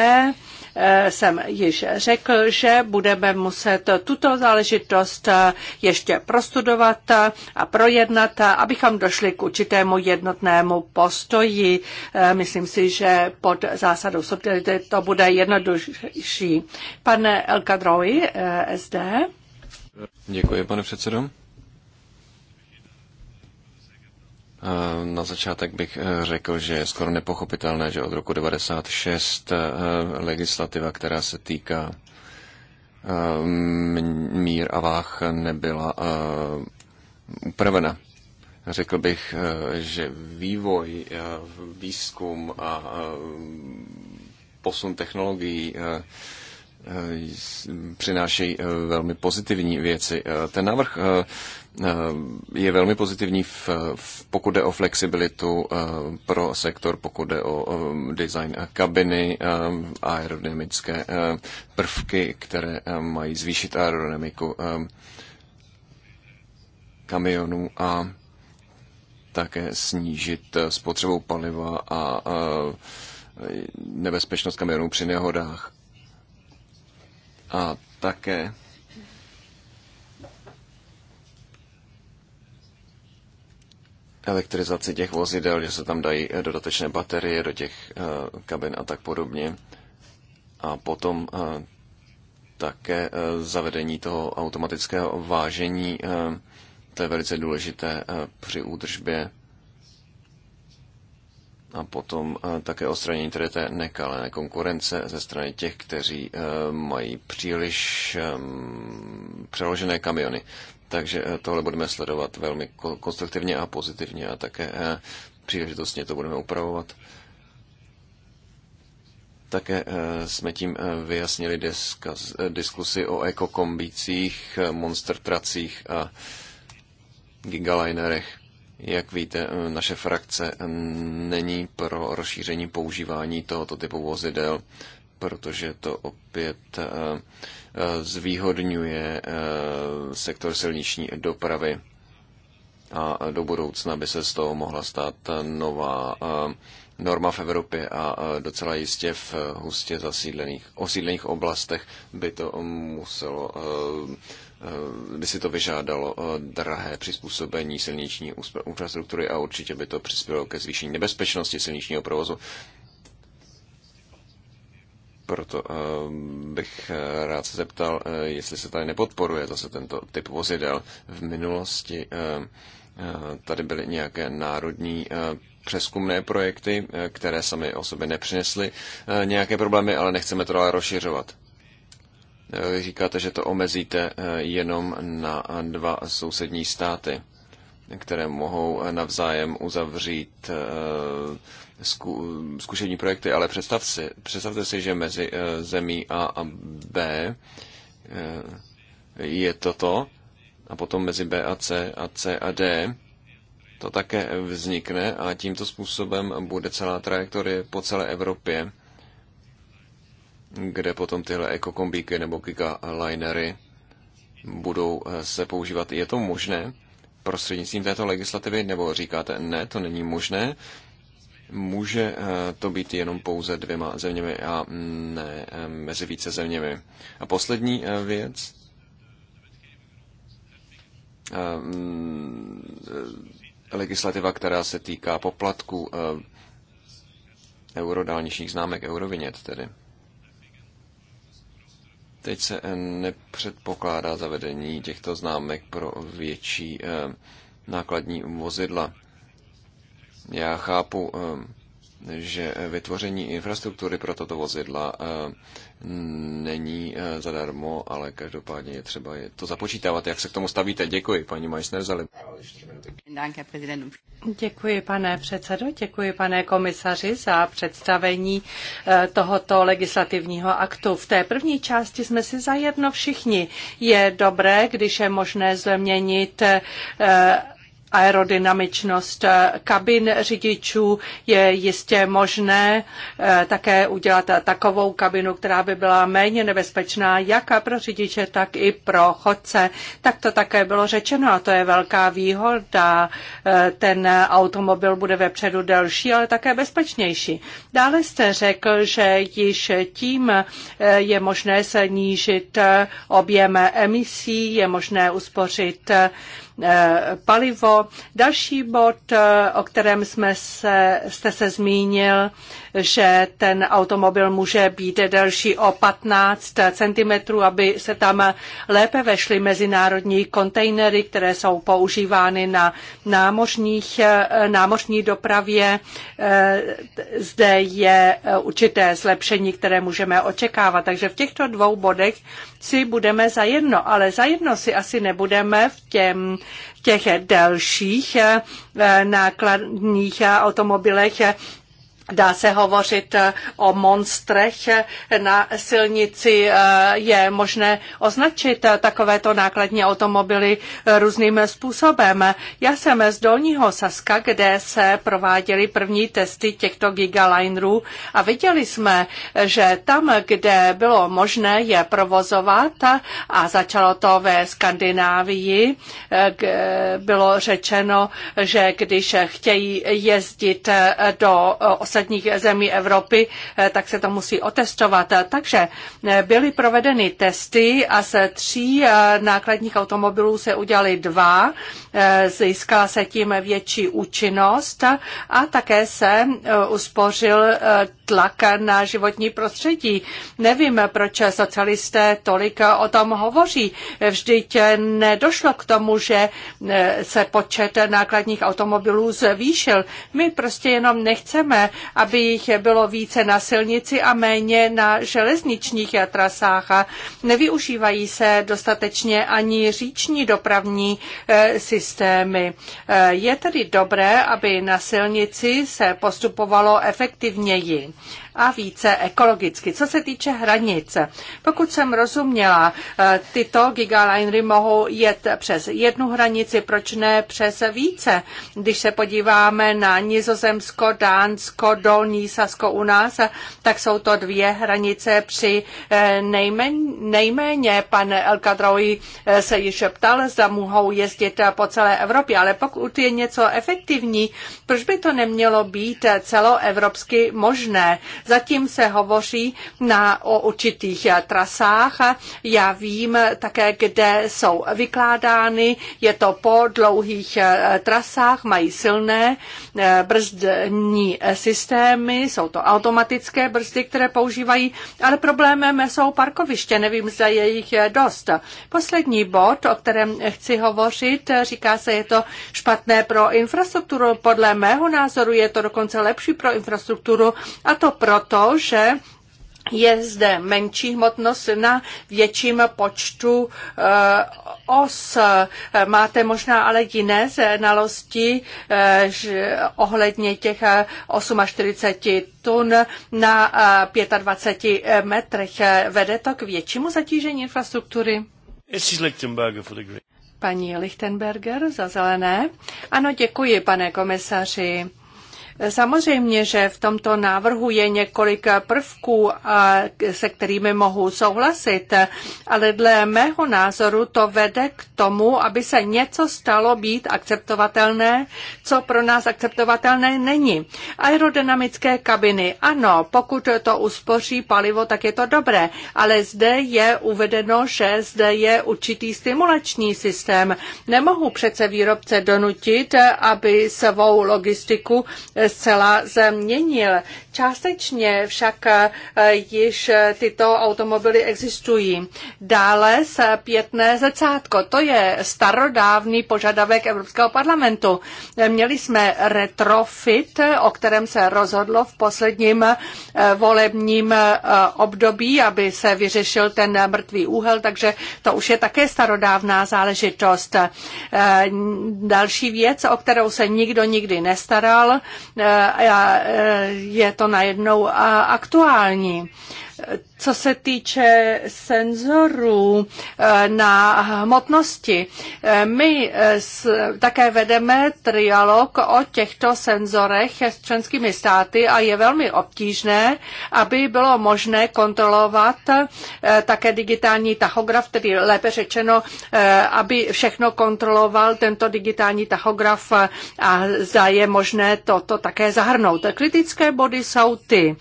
Eh, jsem již řekl, že budeme muset tuto záležitost eh, ještě prostudovat a projednat, abychom došli k určitému jednotnému postoji. Eh, myslím si, že pod zásadou subtility to bude jednodušší. Pane Elkadroji, SD. Děkuji, pane předsedo. Na začátek bych eh, řekl, že je skoro nepochopitelné, že od roku 96 eh, legislativa, která se týká eh, mír a váh, nebyla upravena. Řekl bych, že vývoj, výzkum a posun technologií přinášejí velmi pozitivní věci. Ten návrh Eh, je velmi pozitivní, v, v, pokud jde o flexibilitu eh, pro sektor, pokud jde o design kabiny, eh, aerodynamické prvky, které mají zvýšit aerodynamiku kamionů a také snížit spotřebu paliva a nebezpečnost kamionů při nehodách. A také elektrizaci těch vozidel, že se tam dají eh, dodatečné baterie do těch eh, kabin a tak podobně. A potom eh, také zavedení toho automatického vážení, to je velice důležité při údržbě. A potom také odstranění tedy té nekalé konkurence ze strany těch, kteří mají příliš přeložené kamiony. Takže eh, tohle budeme sledovat velmi konstruktivně a pozitivně a také eh, příležitostně to budeme upravovat. Také eh, jsme tím vyjasnili diskusy o ekokombících, monster tracích a gigalinerech. Jak víte, naše frakce není pro rozšíření používání tohoto typu vozidel, protože to opět Eh, zvýhodňuje eh, sektor silniční dopravy a do budoucna by se z toho mohla stát nová eh, norma v Evropě a docela jistě v hustě zasídlených, osídlených oblastech by to muselo by si to vyžádalo drahé přizpůsobení silniční infrastruktury a určitě by to přispělo ke zvýšení nebezpečnosti silničního provozu. Proto eh, bych eh, rád se zeptal, eh, jestli se tady nepodporuje zase tento typ vozidel. V minulosti tady byly nějaké národní přeskumné projekty, které sami o sobě nepřinesly nějaké problémy, ale nechceme to dále rozšiřovat. říkáte, že to omezíte jenom na dva sousední státy, které mohou navzájem uzavřít zkušení projekty, ale představ si, představte si, že mezi eh, zemí A a B eh, je toto a potom mezi B a C a C a D to také vznikne a tímto způsobem bude celá trajektorie po celé Evropě, kde potom tyhle ekokombíky nebo gigalinery budou eh, se používat. Je to možné prostřednictvím této legislativy, nebo říkáte, ne, to není možné, Může eh, to být jenom pouze dvěma zeměmi a mm, ne eh, mezi více zeměmi. A poslední eh, věc. Mm, legislativa, která se týká poplatku euro známek, eurovinět tedy. Teď se nepředpokládá zavedení těchto známek pro větší nákladní vozidla. Já chápu, ehm, že vytvoření infrastruktury pro toto vozidla ehm, není eh, zadarmo, ale každopádně je třeba to započítávat. Jak se k tomu stavíte? Děkuji, paní Meissner, za Děkuji, pane předsedo, děkuji, pane komisaři, za představení eh, tohoto legislativního aktu. V té první části jsme si zajedno všichni. Je dobré, když je možné změnit eh, aerodynamičnost kabin řidičů je jistě možné eh, také udělat takovou kabinu, která by byla méně nebezpečná jak pro řidiče, tak i pro chodce. Tak to také bylo řečeno a to je velká výhoda. Eh, ten automobil bude vepředu delší, ale také bezpečnější. Dále jste řekl, že již tím eh, je možné snížit objem emisí, je možné uspořit Eh, palivo. Další bod, eh, o kterém jsme se, jste se zmínil, že ten automobil může být delší o 15 cm, aby se tam lépe vešly mezinárodní kontejnery, které jsou používány na námořních, námořní dopravě. Eh, zde je eh, určité zlepšení, které můžeme očekávat. Takže v těchto dvou bodech si budeme zajedno, ale zajedno si asi nebudeme v, těm, v těch delších eh, nákladních automobilech Dá se hovořit eh, o monstrech na silnici. Eh, je možné označit eh, takovéto nákladní automobily různým způsobem. Já jsem z Dolního Saska, kde se prováděly první testy těchto gigalinerů a viděli jsme, že tam, kde bylo možné je provozovat a začalo to ve Skandinávii, bylo řečeno, že když chtějí jezdit do 80 ostatních zemí Evropy, eh, tak se to musí otestovat. Takže eh, byly provedeny testy a z tří eh, nákladních automobilů se udělali dva. Získala se tím větší účinnost a také se uspořil tlak na životní prostředí. Nevím, proč socialisté tolik o tom hovoří. Vždyť nedošlo k tomu, že se počet nákladních automobilů zvýšil. My prostě jenom nechceme, aby jich bylo více na silnici a méně na železničních trasách. A nevyužívají se dostatečně ani říční dopravní eh, systémy. Eh, je tedy dobré, aby na silnici se postupovalo efektivněji a více ekologicky. Co se týče hranic, pokud jsem rozuměla, eh, tyto gigalinery mohou jet přes jednu hranici, proč ne přes více? Když se podíváme na Nizozemsko, Dánsko, Dolní Sasko u nás, tak jsou to dvě hranice při eh, nejméně, nejméně pan Elkadroj eh, se již ptal, zda mohou jezdit po celé Evropě, ale pokud je něco efektivní, proč by to nemělo být celoevropsky možné? Zatím se hovoří na, o určitých eh, trasách. Já vím také, kde jsou vykládány. Je to po dlouhých eh, trasách, mají silné eh, brzdní systémy, jsou to automatické brzdy, které používají, ale problémem jsou parkoviště, nevím, zda je jich dost. Poslední bod, o kterém chci hovořit, říká se, je to špatné pro infrastrukturu. Podle mého názoru je to dokonce lepší pro infrastrukturu a to pro proto, že je zde menší hmotnost na větším počtu eh, os. Máte možná ale jiné znalosti eh, ohledně těch 48 eh, tun na 25 metrech. Vede to k většímu zatížení infrastruktury? Paní Lichtenberger za zelené. Ano, děkuji, pane komisaři. Samozřejmě, že v tomto návrhu je několik prvků, se kterými mohu souhlasit, ale dle mého názoru to vede k tomu, aby se něco stalo být akceptovatelné, co pro nás akceptovatelné není. Aerodynamické kabiny, ano, pokud to uspoří palivo, tak je to dobré, ale zde je uvedeno, že zde je určitý stimulační systém. Nemohu přece výrobce donutit, aby svou logistiku zcela změnil. Částečně však eh, již eh, tyto automobily existují. Dále se pětné zrcátko. To je starodávný požadavek Evropského parlamentu. Eh, měli jsme retrofit, o kterém se rozhodlo v posledním volebním období, aby se vyřešil ten mrtvý úhel, takže to už je také starodávná záležitost. Další věc, o kterou se nikdo nikdy nestaral, Eh, eh, je to najednou eh, aktuální. Co se týče senzorů eh, na hmotnosti, eh, my eh, také vedeme trialog o těchto senzorech s členskými státy a je velmi obtížné, aby bylo možné kontrolovat také digitální tachograf, tedy lépe řečeno, aby všechno kontroloval tento digitální tachograf a zda je možné toto také zahrnout. Kritické body jsou ty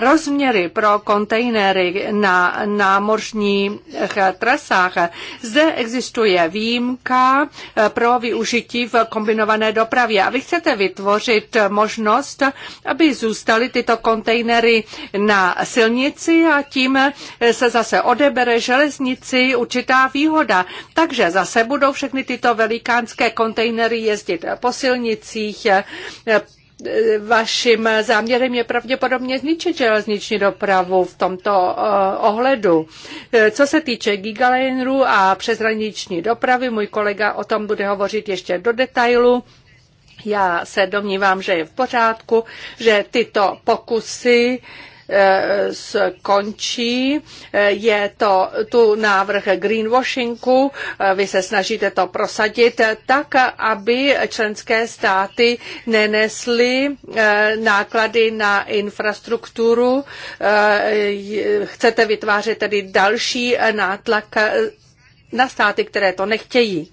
rozměry pro kontejnery na námořních eh, trasách. Zde existuje výjimka eh, pro využití v kombinované dopravě a vy chcete vytvořit možnost, aby zůstaly tyto kontejnery na silnici a tím eh, se zase odebere železnici určitá výhoda. Takže zase budou všechny tyto velikánské kontejnery jezdit po silnicích, Vaším záměrem je pravděpodobně zničit železniční dopravu v tomto eh, ohledu. Eh, co se týče gigalineru a přeshraniční dopravy, můj kolega o tom bude hovořit ještě do detailu. Já se domnívám, že je v pořádku, že tyto pokusy E, skončí. E, je to tu návrh greenwashingu. E, vy se snažíte to prosadit tak, aby členské státy nenesly náklady na infrastrukturu. Chcete vytvářet tedy další nátlak na státy, které to nechtějí.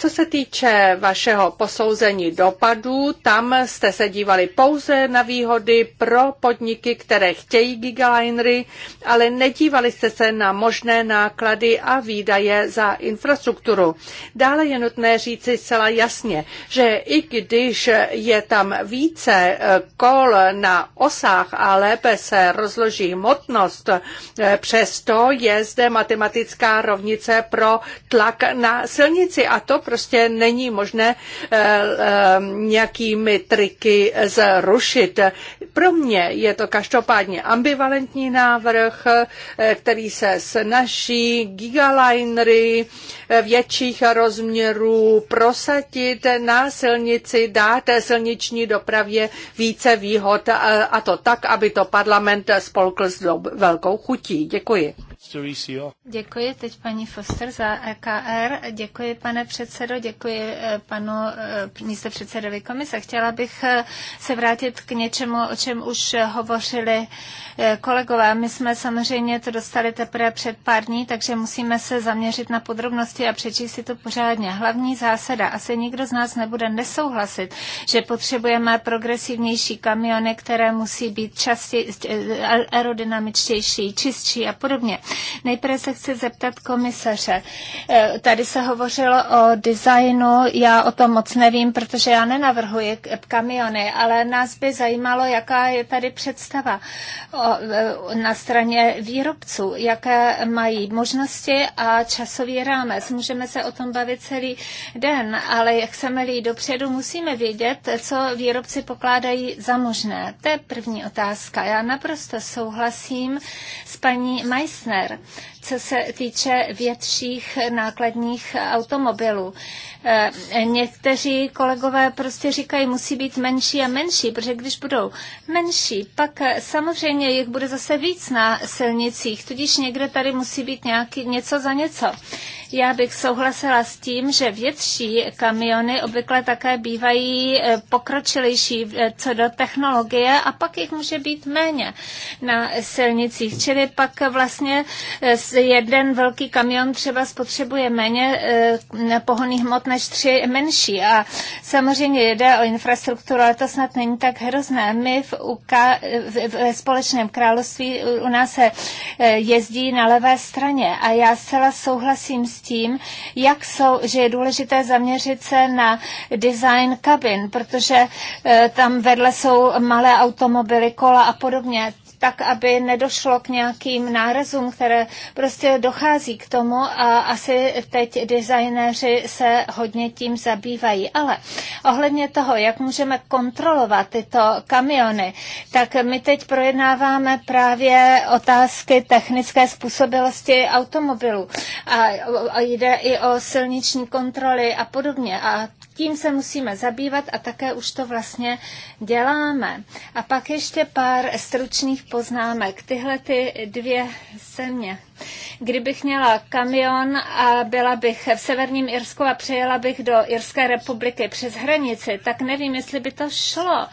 Co se týče vašeho posouzení dopadů, tam jste se dívali pouze na výhody pro podniky, které chtějí gigalinery, ale nedívali jste se na možné náklady a výdaje za infrastrukturu. Dále je nutné říci zcela jasně, že i když je tam více eh, kol na osách a lépe se rozloží hmotnost, eh, přesto je zde matematická rovnice pro tlak na silnici a to prostě není možné eh, eh, nějakými triky zrušit. Pro mě je to každopádně ambivalentní návrh, eh, který se snaží gigalinery větších rozměrů prosadit na silnici, dát silniční dopravě více výhod a to tak, aby to parlament spolkl s velkou chutí. Děkuji. Děkuji teď paní Foster za EKR. Děkuji, pane předsedo, děkuji eh, panu eh, místo předsedovi komise. Chtěla bych eh, se vrátit k něčemu, o čem už hovořili kolegové. My jsme samozřejmě to dostali teprve před pár dní, takže musíme se zaměřit na podrobnosti a přečíst si to pořádně. Hlavní zásada, asi nikdo z nás nebude nesouhlasit, že potřebujeme progresivnější kamiony, které musí být častěji, aerodynamičtější, čistší a podobně. Nejprve se chci zeptat komisaře. Eh, tady se hovořilo o designu, já o tom moc nevím, protože já nenavrhuji kamiony, ale nás by zajímalo, jaká je tady představa eh, na straně výrobců, jaké mají možnosti a časový rámec. Můžeme se o tom bavit celý den, ale jak chceme-li jít dopředu, musíme vědět, co výrobci pokládají za možné. To je první otázka. Já naprosto souhlasím s paní Majsne, partner co se týče větších nákladních automobilů. Eh, někteří kolegové prostě říkají, musí být menší a menší, protože když budou menší, pak eh, samozřejmě jich bude zase víc na silnicích, tudíž někde tady musí být nějaký, něco za něco. Já bych souhlasila s tím, že větší kamiony obvykle také bývají eh, pokročilejší co do technologie a pak jich může být méně na silnicích. Čili pak vlastně jeden velký kamion třeba spotřebuje méně eh, pohoných hmot než tři menší. A samozřejmě jde o infrastrukturu, ale to snad není tak hrozné. My v, UK, v, Společném království u nás se eh, jezdí na levé straně a já zcela souhlasím s tím, jak jsou, že je důležité zaměřit se na design kabin, protože eh, tam vedle jsou malé automobily, kola a podobně tak aby nedošlo k nějakým nárazům, které prostě dochází k tomu a asi teď designéři se hodně tím zabývají. Ale ohledně toho, jak můžeme kontrolovat tyto kamiony, tak my teď projednáváme právě otázky technické způsobilosti automobilů a jde i o silniční kontroly a podobně. A tím se musíme zabývat a také už to vlastně děláme. A pak ještě pár stručných poznámek. Tyhle ty dvě země. Kdybych měla kamion a byla bych v severním Irsku a přejela bych do Irské republiky přes hranici, tak nevím, jestli by to šlo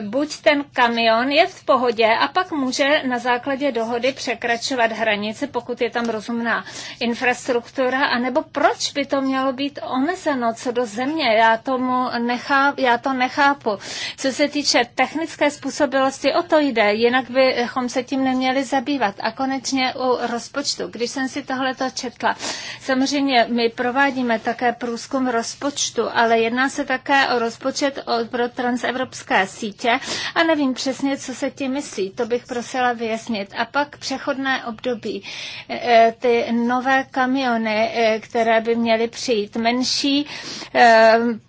buď ten kamion je v pohodě a pak může na základě dohody překračovat hranice, pokud je tam rozumná infrastruktura, anebo proč by to mělo být omezeno co do země. Já, tomu nechá, já to nechápu. Co se týče technické způsobilosti, o to jde, jinak bychom se tím neměli zabývat. A konečně u rozpočtu. Když jsem si tohle to četla, samozřejmě my provádíme také průzkum rozpočtu, ale jedná se také o rozpočet pro transevropské sítě dítě a nevím přesně, co se tím myslí. To bych prosila vyjasnit. A pak přechodné období. E, e, ty nové kamiony, e, které by měly přijít menší,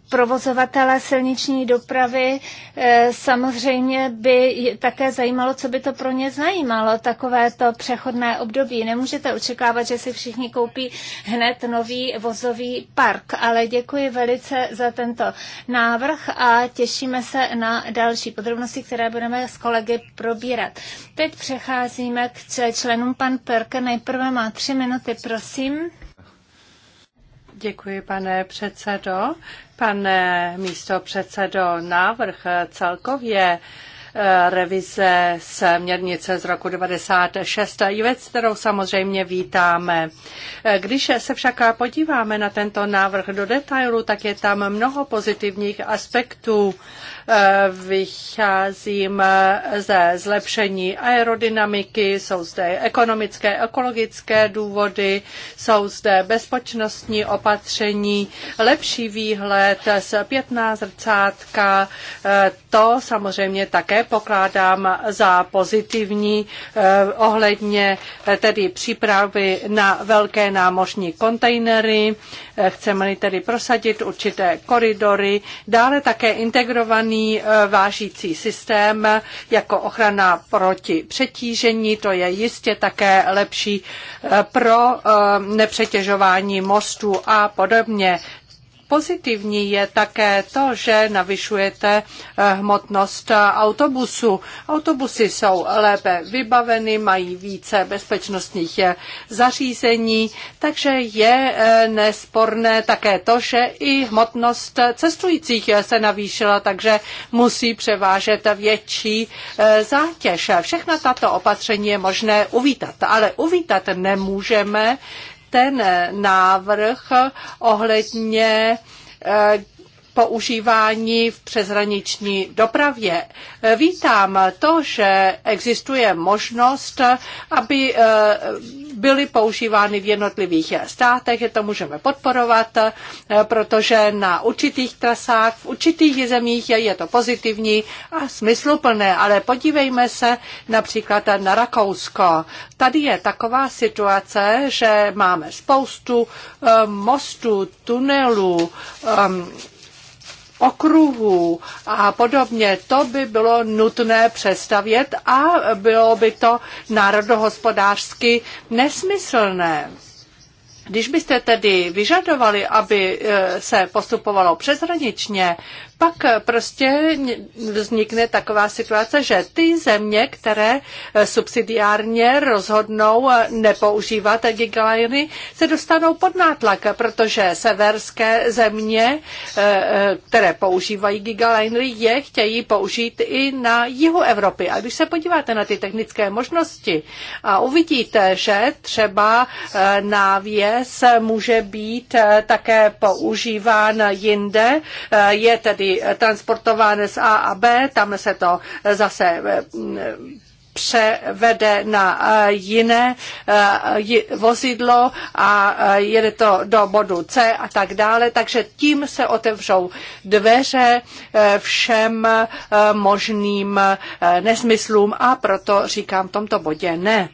provozovatele silniční dopravy eh, samozřejmě by také zajímalo, co by to pro ně zajímalo, takovéto přechodné období. Nemůžete očekávat, že si všichni koupí hned nový vozový park, ale děkuji velice za tento návrh a těšíme se na další podrobnosti, které budeme s kolegy probírat. Teď přecházíme k členům. Pan Perke nejprve má tři minuty, prosím. Děkuji, pane předsedo. Pane místo předsedo, návrh celkově eh, revize směrnice z roku 96, věc, kterou samozřejmě vítáme. Eh, když se však podíváme na tento návrh do detailu, tak je tam mnoho pozitivních aspektů vycházím ze zlepšení aerodynamiky, jsou zde ekonomické, ekologické důvody, jsou zde bezpečnostní opatření, lepší výhled, z pětná zrcátka. To samozřejmě také pokládám za pozitivní eh, ohledně eh, tedy přípravy na velké námořní kontejnery. Eh, chceme-li tedy prosadit určité koridory, dále také integrovaný silný eh, vážící systém jako ochrana proti přetížení. To je jistě také lepší eh, pro eh, nepřetěžování mostů a podobně. Pozitivní je také to, že navyšujete eh, hmotnost autobusu. Autobusy jsou lépe vybaveny, mají více bezpečnostních eh, zařízení, takže je eh, nesporné také to, že i hmotnost cestujících se navýšila, takže musí převážet větší zátěž. Všechna tato opatření je možné uvítat, ale uvítat nemůžeme, ten návrh ohledně eh, používání v přeshraniční dopravě. Eh, vítám to, že existuje možnost, aby eh, byly používány v jednotlivých státech, je to můžeme podporovat, eh, protože na určitých trasách, v určitých zemích je to pozitivní a smysluplné, ale podívejme se například na Rakousko. Tady je taková situace, že máme spoustu eh, mostů, tunelů, eh, okruhů a podobně. To by bylo nutné přestavět a bylo by to národohospodářsky nesmyslné. Když byste tedy vyžadovali, aby eh, se postupovalo přeshraničně, pak prostě vznikne taková situace, že ty země, které eh, subsidiárně rozhodnou eh, nepoužívat gigaliny, se dostanou pod nátlak, protože severské země, eh, které používají gigaliny, je chtějí použít i na jihu Evropy. A když se podíváte na ty technické možnosti a uvidíte, že třeba návěs může být také používán jinde, je tedy byly transportovány z A a B, tam se to zase eh, převede na eh, jiné eh, vozidlo a jede to do bodu C a tak dále. Takže tím se otevřou dveře všem možným nesmyslům a proto říkám v tomto bodě ne.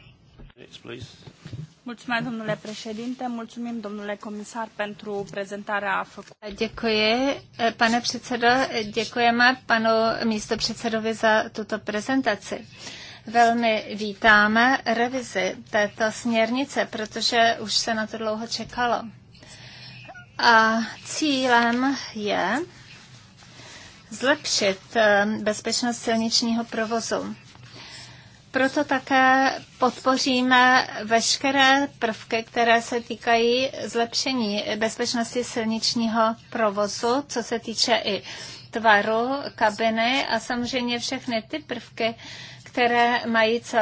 Mulțumesc, domnule președinte, mulțumim, domnule comisar, pentru prezentarea făcută. Děkuji, pane předsedo, děkujeme panu místopředsedovi za tuto prezentaci velmi vítáme revizi této směrnice, protože už se na to dlouho čekalo. A cílem je zlepšit eh, bezpečnost silničního provozu. Proto také podpoříme veškeré prvky, které se týkají zlepšení bezpečnosti silničního provozu, co se týče i tvaru kabiny a samozřejmě všechny ty prvky, které mají co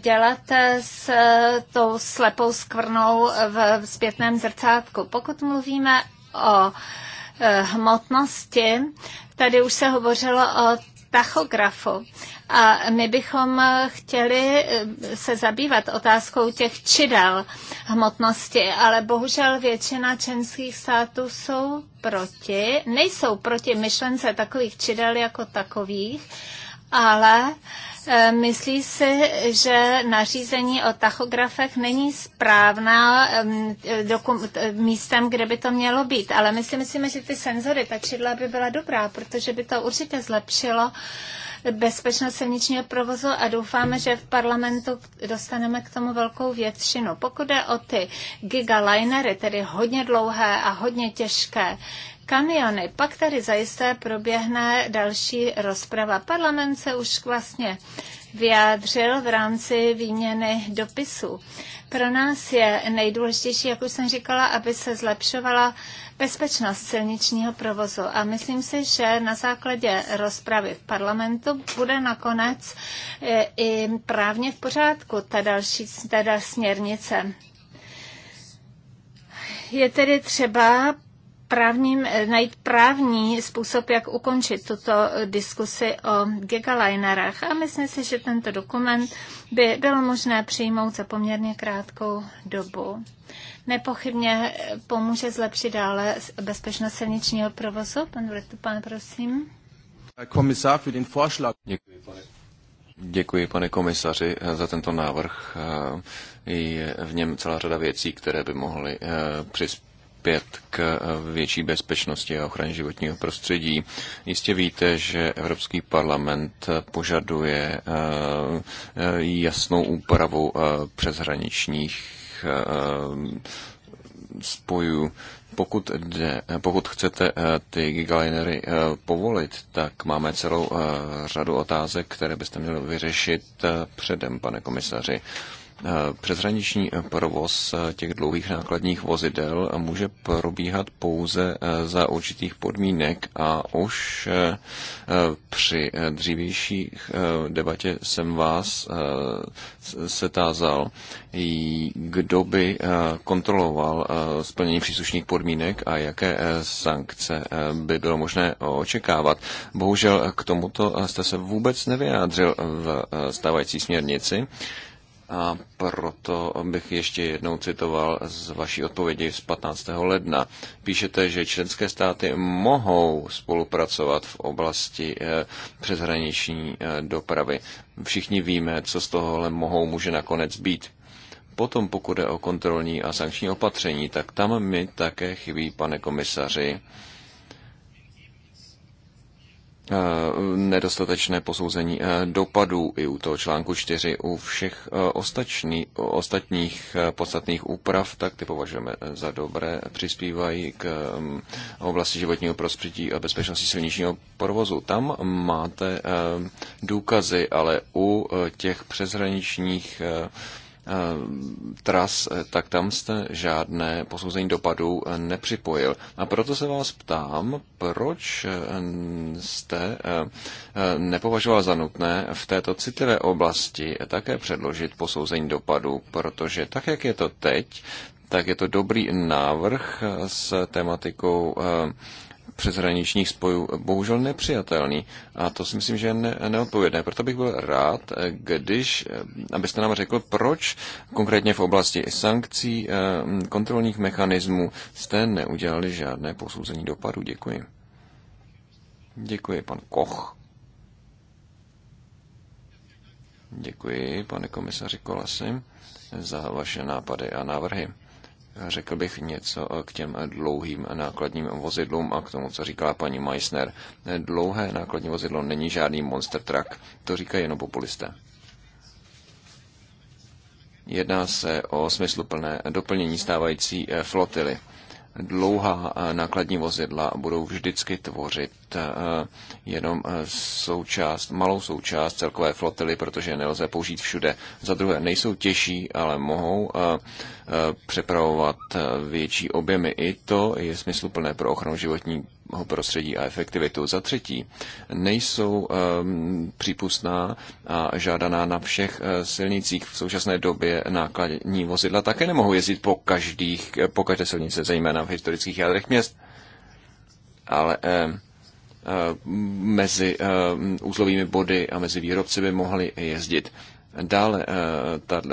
dělat s tou slepou skvrnou v zpětném zrcátku. Pokud mluvíme o eh, hmotnosti, tady už se hovořilo o tachografu. A my bychom chtěli eh, se zabývat otázkou těch čidel hmotnosti, ale bohužel většina čenských států jsou proti, nejsou proti myšlence takových čidel jako takových, ale uh, E, myslí si, že nařízení o tachografech není správná e, e, místem, kde by to mělo být, ale my si myslíme, že ty senzory, ta čidla by byla dobrá, protože by to určitě zlepšilo bezpečnost silničního provozu a doufáme, že v parlamentu dostaneme k tomu velkou většinu. Pokud je o ty gigalinery, tedy hodně dlouhé a hodně těžké kamiony. Pak tady zajisté proběhne další rozprava. Parlament se už vlastně vyjádřil v rámci výměny dopisů. Pro nás je nejdůležitější, jak už jsem říkala, aby se zlepšovala bezpečnost silničního provozu. A myslím si, že na základě rozpravy v parlamentu bude nakonec e, i právně v pořádku ta další ta směrnice. Je tedy třeba právním, eh, najít právní způsob, jak ukončit tuto diskusi o gigalinerách. A myslím si, že tento dokument by bylo možné přijmout za poměrně krátkou dobu. Nepochybně eh, pomůže zlepšit dále bezpečnost silničního provozu. Pan pane, prosím. Komisár, für den Vorschlag. Děkuji, pane. Děkuji, pane komisaři, eh, za tento návrh. Je v něm celá řada věcí, které by mohly přispět přispět k eh, větší bezpečnosti a ochraně životního prostředí. Jistě víte, že Evropský parlament požaduje eh, eh, jasnou úpravu přeshraničních spojů. Pokud, jde, pokud chcete ty gigalinery povolit, tak máme celou řadu otázek, které byste měli vyřešit předem, pane komisaři. Přeshraniční provoz těch dlouhých nákladních vozidel může probíhat pouze eh, za určitých podmínek a už eh, při dřívějších eh, debatě jsem vás se tázal, kdo by kontroloval splnění příslušných podmínek a jaké sankce by bylo možné očekávat. Bohužel k tomuto jste se vůbec nevyjádřil v stávající směrnici a proto bych ještě jednou citoval z vaší odpovědi z 15. ledna. Píšete, že členské státy mohou spolupracovat v oblasti eh, přeshraniční eh, dopravy. Všichni víme, co z tohohle mohou může nakonec být. Potom pokud je o kontrolní a sankční opatření, tak tam mi také chybí, pane komisaři, Eh, nedostatečné posouzení eh, dopadů i u toho článku 4. U všech eh, ostatní, ostatních podstatných úprav, tak ty považujeme za dobré, přispívají k mm, oblasti životního prostředí a bezpečnosti silničního provozu. Tam máte důkazy, ale u těch přeshraničních Eh, tras, eh, tak tam jste žádné posouzení dopadů eh, nepřipojil. A proto se vás ptám, proč jste nepovažoval za nutné v této citlivé oblasti také předložit posouzení dopadů, protože tak, jak je to teď, tak je to dobrý návrh s tematikou přeshraničních spojů bohužel nepřijatelný. A to si myslím, že je ne- neodpovědné. Proto bych byl rád, eh, když, eh, abyste nám řekl, proč konkrétně v oblasti sankcí, eh, kontrolních mechanismů jste neudělali žádné posouzení dopadu. Děkuji. Děkuji, pan Koch. Děkuji, pane komisaři Kolasy, za vaše nápady a návrhy řekl bych něco k těm dlouhým nákladním vozidlům a k tomu, co říkala paní Meissner. Dlouhé nákladní vozidlo není žádný monster truck, to říkají jenom populisté. Jedná se o smysluplné doplnění stávající eh, flotily dlouhá eh, nákladní vozidla budou vždycky tvořit eh, jenom eh, součást, malou součást celkové flotily, protože nelze použít všude. Za druhé, nejsou těžší, ale mohou přepravovat větší objemy. I to je smysluplné pro ochranu životní životního prostředí a efektivitu. Za třetí, nejsou eh, přípustná a žádaná na všech eh, silnicích. V současné době nákladní vozidla také nemohou jezdit po, každých, po každé silnice, zejména v historických jádrech měst. Ale eh, mezi úzlovými body a mezi výrobci by mohli jezdit. Dále eh, tato,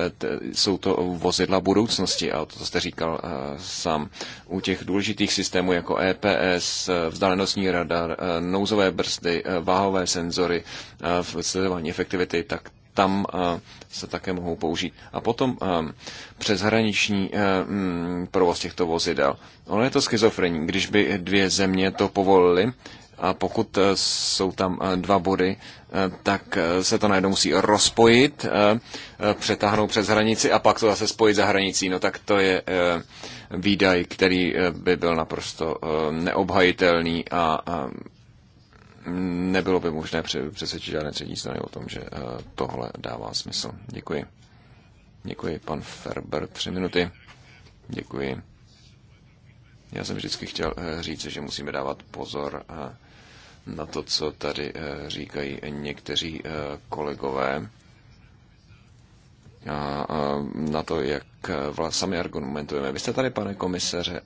jsou to vozidla budoucnosti, a to jste říkal eh, sám. U těch důležitých systémů jako EPS, eh, vzdálenostní radar, nouzové brzdy, váhové senzory, sledování efektivity, tak tam se také mohou použít. A potom přeshraniční mm, provoz těchto vozidel. Ono je to schizofrení. Když by dvě země to povolily, a pokud eh, jsou tam eh, dva body, eh, tak se to najednou musí rozpojit, přetáhnout přes hranici a pak to zase spojit za hranicí. No tak to je výdaj, který by byl naprosto neobhajitelný a nebylo by možné přesvědčit žádné třetí strany o tom, že tohle dává smysl. Děkuji. Děkuji, pan Ferber, tři minuty. Děkuji. Já jsem vždycky chtěl říct, že musíme dávat pozor na to, co tady eh, říkají někteří eh, kolegové a, na to, jak eh, sami argumentujeme. Vy jste tady, pane komisaře,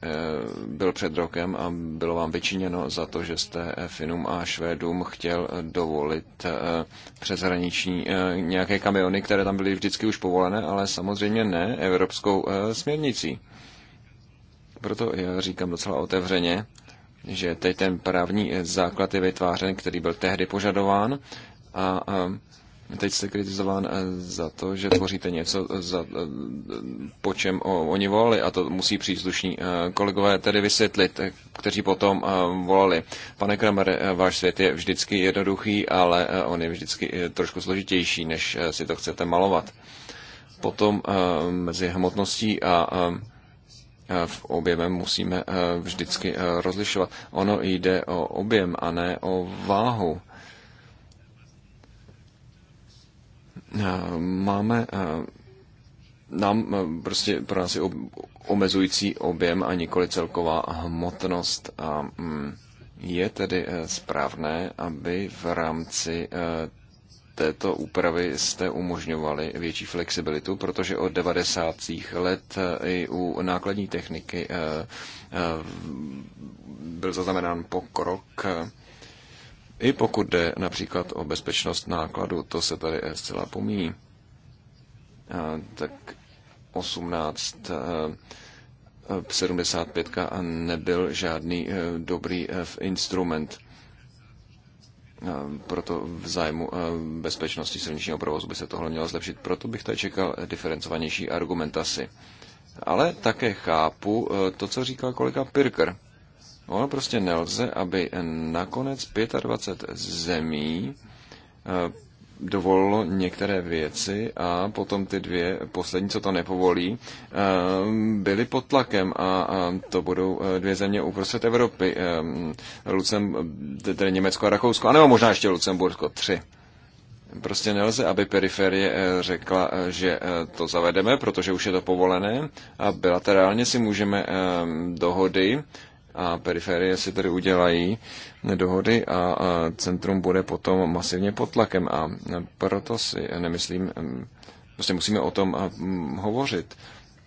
byl před rokem a bylo vám vyčiněno za to, že jste Finům a Švédům chtěl dovolit přeshraniční nějaké kamiony, které tam byly vždycky už povolené, ale samozřejmě ne evropskou směrnicí. Proto já říkám docela otevřeně, že teď ten právní eh, základ je vytvářen, který byl tehdy požadován a eh, teď jste kritizován eh, za to, že tvoříte něco, za, po čem oni volali a to musí příslušní kolegové tedy vysvětlit, kteří potom volali. Pane Kramer, váš svět je vždycky jednoduchý, ale on je vždycky trošku složitější, než si to chcete malovat. Potom mezi hmotností a Eh, v objemem musíme eh, vždycky eh, rozlišovat. Ono jde o objem a ne o váhu. Máme nám prostě pro nás je omezující objem a nikoli celková hmotnost a mm, je tedy správné, aby v rámci této úpravy jste umožňovali větší flexibilitu, protože od 90. let eh, i u nákladní techniky eh, eh, byl zaznamenán pokrok. I pokud jde například o bezpečnost nákladu, to se tady zcela pomíjí. Tak 18 75 nebyl žádný dobrý instrument Ehm, proto v zájmu ehm, bezpečnosti silničního provozu by se tohle mělo zlepšit. Proto bych tady čekal diferencovanější argumentaci. Ale také chápu eh, to, co říkal kolega Pirker. Ono prostě nelze, aby nakonec 25 zemí eh, dovolilo některé věci a potom ty dvě poslední, co to nepovolí, eh, byly pod tlakem a to budou eh, dvě země uprostřed Evropy, eh, Lucem, tedy Německo a Rakousko, anebo možná ještě Lucembursko, tři. Prostě nelze, aby periferie řekla, že to zavedeme, protože už je to povolené a bilaterálně si můžeme dohody a periferie si tedy udělají dohody a centrum bude potom masivně pod tlakem a proto si nemyslím, prostě musíme o tom hovořit.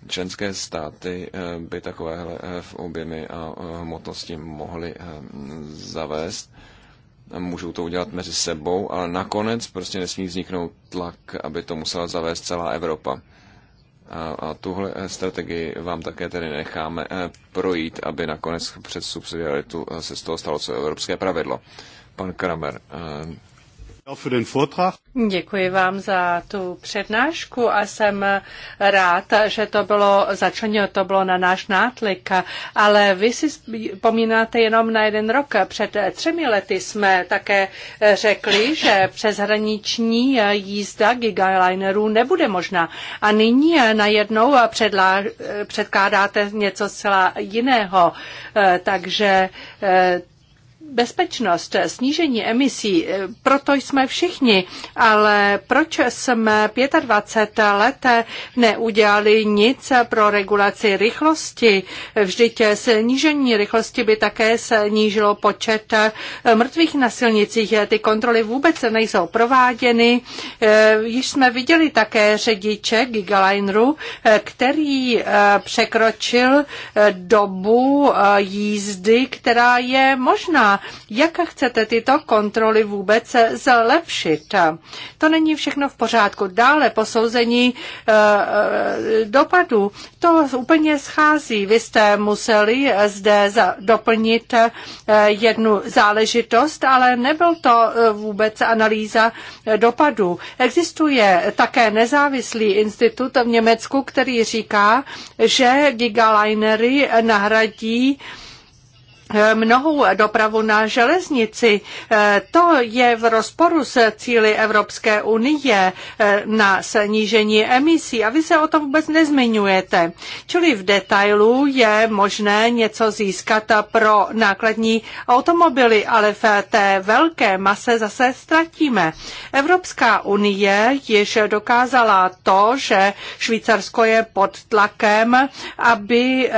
Členské státy eh, by takovéhle eh, v objemy a eh, hmotnosti mohly zavést. Můžou to udělat mezi sebou, ale nakonec prostě nesmí vzniknout tlak, aby to musela zavést celá Evropa. A, a tuhle eh, strategii vám také tedy necháme eh, projít, aby nakonec před subsidiaritu eh, se z toho stalo co evropské pravidlo. Pan Kramer, Děkuji vám za tu přednášku a jsem rád, že to bylo začleněno, to bylo na náš nátlik, ale vy si vzpomínáte jenom na jeden rok. Před třemi lety jsme také řekli, že přeshraniční jízda gigalinerů nebude možná. A nyní najednou předlá, předkládáte něco zcela jiného. Takže eh, bezpečnost, snížení emisí, proto jsme všichni, ale proč jsme 25 let neudělali nic pro regulaci rychlosti? Vždyť snížení rychlosti by také snížilo počet mrtvých na silnicích. Ty kontroly vůbec nejsou prováděny. Již jsme viděli také řidiče Gigalineru, který překročil dobu jízdy, která je možná jak chcete tyto kontroly vůbec zlepšit. To není všechno v pořádku. Dále posouzení eh, eh, dopadu. To úplně schází. Vy jste museli zde doplnit eh, jednu záležitost, ale nebyl to vůbec analýza dopadu. Existuje také nezávislý institut v Německu, který říká, že gigalinery nahradí uh, Eh, mnohou dopravu na železnici. Eh, to je v rozporu s cíly Evropské unie eh, na snížení emisí a vy se o tom vůbec nezmiňujete. Čili v detailu je možné něco získat pro nákladní automobily, ale v té velké mase zase ztratíme. Evropská unie již dokázala to, že Švýcarsko je pod tlakem, aby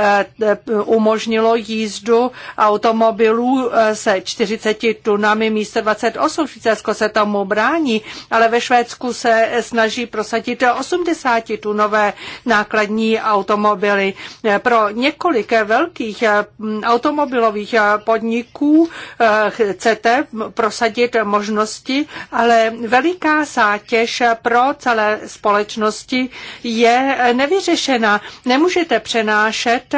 umožnilo jízdu automobilů eh, se 40 tunami místo 28. Švýcarsko se tomu brání, ale ve Švédsku se snaží prosadit 80 tunové nákladní automobily. Eh, pro několik velkých eh, automobilových podniků chcete prosadit možnosti, ale veliká sátěž pro celé společnosti je nevyřešena. Nemůžete přenášet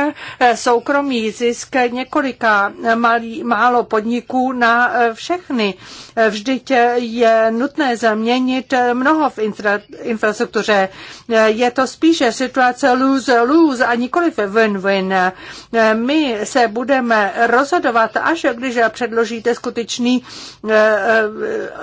soukromý zisk několika na malý, málo podniků, na eh, všechny. Eh, vždyť eh, je nutné zaměnit mnoho v infra, infrastruktuře. Je to spíše situace lose-lose a nikoli win-win. My se budeme rozhodovat, až když předložíte skutečný,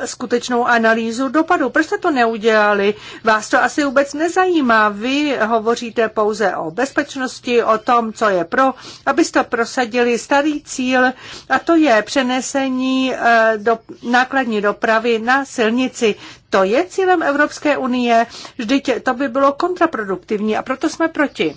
skutečnou analýzu dopadu. Proč jste to neudělali? Vás to asi vůbec nezajímá. Vy hovoříte pouze o bezpečnosti, o tom, co je pro, abyste prosadili starý cíl a to je přenesení eh, do nákladní dopravy na silnici. To je cílem Evropské unie, vždyť to by bylo kontraproduktivní a proto jsme proti.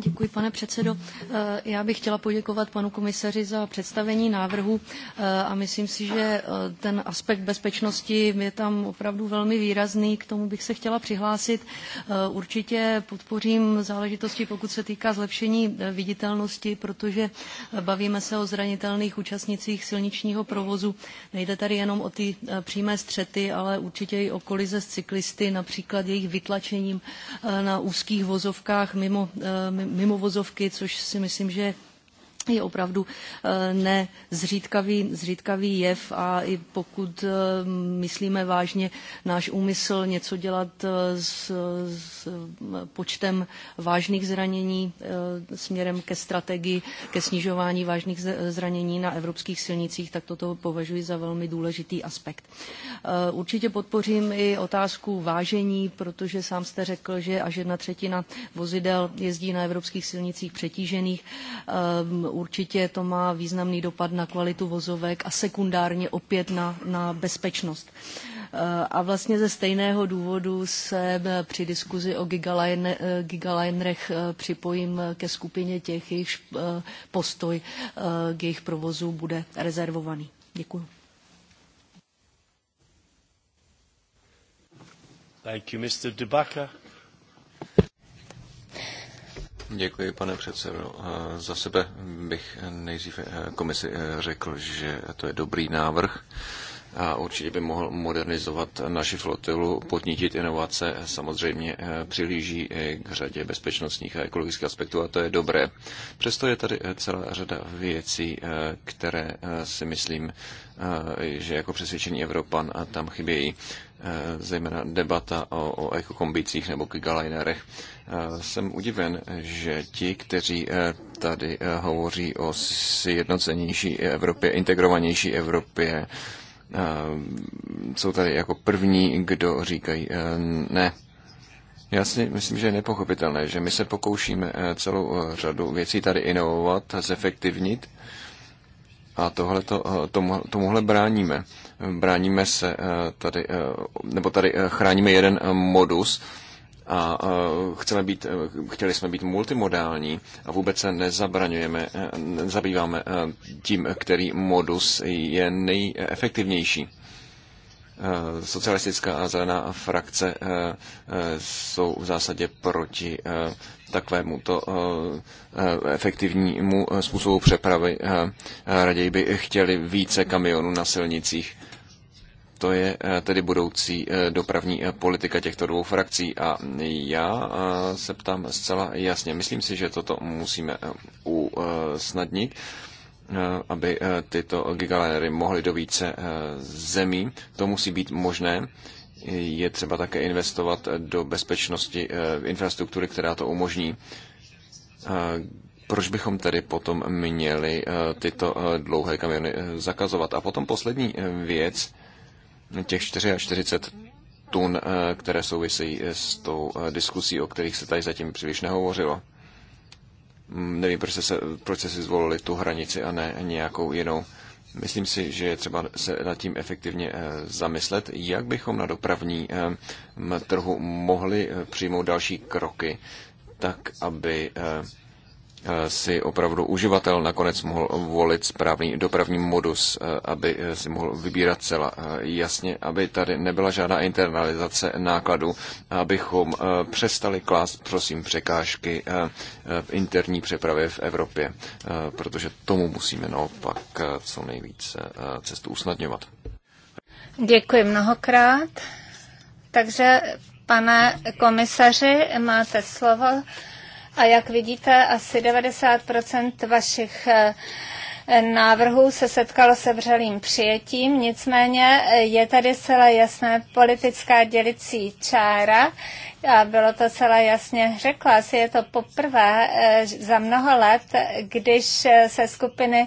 Děkuji, pane předsedo. Eh, já bych chtěla poděkovat panu komisaři za představení návrhu eh, a myslím si, že eh, ten aspekt bezpečnosti je tam opravdu velmi výrazný. K tomu bych se chtěla přihlásit. Určitě podpořím záležitosti, pokud se týká zlepšení viditelnosti, protože bavíme se o zranitelných účastnicích silničního provozu. Nejde tady jenom o ty přímé střety, ale určitě i o kolize s cyklisty, například jejich vytlačením na úzkých vozovkách mimo, mimo mimo vozovky, což si myslím, že Vlastně je opravdu eh, nezřídkavý zřídkavý jev a i pokud eh, myslíme vážně náš úmysl něco dělat eh, s, s počtem vážných zranění směrem ke strategii, ke snižování vážných zranění na evropských silnicích, tak toto považuji za velmi důležitý aspekt. Určitě podpořím i otázku vážení, protože sám jste řekl, že až jedna třetina vozidel jezdí na evropských silnicích přetížených určitě to má významný dopad na kvalitu vozovek a sekundárně opět na, na bezpečnost. Eh, a vlastně ze stejného důvodu se při diskuzi o gigalinerech eh, eh, připojím ke skupině těch, jejichž postoj k jejich provozu bude rezervovaný. Děkuji. Thank you, Mr. Debaka. Děkuji, pane předsedo. Eh, za sebe bych nejdřív eh, komisi eh, řekl, že to je dobrý návrh a určitě by mohl modernizovat naši flotilu, podnítit inovace, samozřejmě i k řadě bezpečnostních a ekologických aspektů a to je dobré. Přesto je tady celá řada věcí, které si myslím, že jako přesvědčený Evropan a tam chybějí. Eh, zejména debata o, o ekokombicích nebo gigalinerech. Eh, jsem udiven, že ti, kteří eh, tady hovoří o sjednocenější Evropě, integrovanější Evropě, jsou tady jako první, kdo říkají ne. Já si myslím, že je nepochopitelné, že my se pokoušíme celou řadu věcí tady inovovat, zefektivnit a tohleto, tomu, tomuhle bráníme bráníme se eh, tady, eh, nebo tady eh, chráníme jeden modus a chceme být, chtěli jsme být multimodální a vůbec se nezabraňujeme, zabýváme tím, který modus je nejefektivnější socialistická a zelená frakce jsou v zásadě proti takovému to efektivnímu způsobu přepravy. Raději by chtěli více kamionů na silnicích to je eh, tedy budoucí eh, dopravní eh, politika těchto dvou frakcí. A já se ptám zcela jasně. Myslím si, že toto musíme usnadnit aby tyto gigalinery mohly do více zemí. To musí být možné. Je třeba také investovat do bezpečnosti infrastruktury, která to umožní. Proč bychom tedy potom měli tyto dlouhé kamiony zakazovat? A potom poslední věc, těch 44 tun, eh, které souvisejí eh, s tou eh, diskusí, o kterých se tady zatím příliš nehovořilo. Mm, nevím, proč, se, proč se si zvolili tu hranici a ne nějakou jinou. Myslím si, že je třeba se nad tím efektivně zamyslet, jak bychom na dopravní trhu mohli přijmout další kroky, tak aby Eh, si opravdu uživatel nakonec mohl volit správný dopravní modus, eh, aby eh, si mohl vybírat celá jasně, aby tady nebyla žádná internalizace nákladů, abychom přestali klást, prosím, překážky v interní přepravě v Evropě, protože tomu musíme naopak co nejvíce cestu usnadňovat. Děkuji mnohokrát. Takže, pane komisaři, máte slovo. A jak vidíte, asi 90 vašich eh, návrhů se setkalo se vřelým přijetím, nicméně je tady celé jasné politická dělicí čára a bylo to celé jasně řekla. Asi je to poprvé eh, za mnoho let, když se skupiny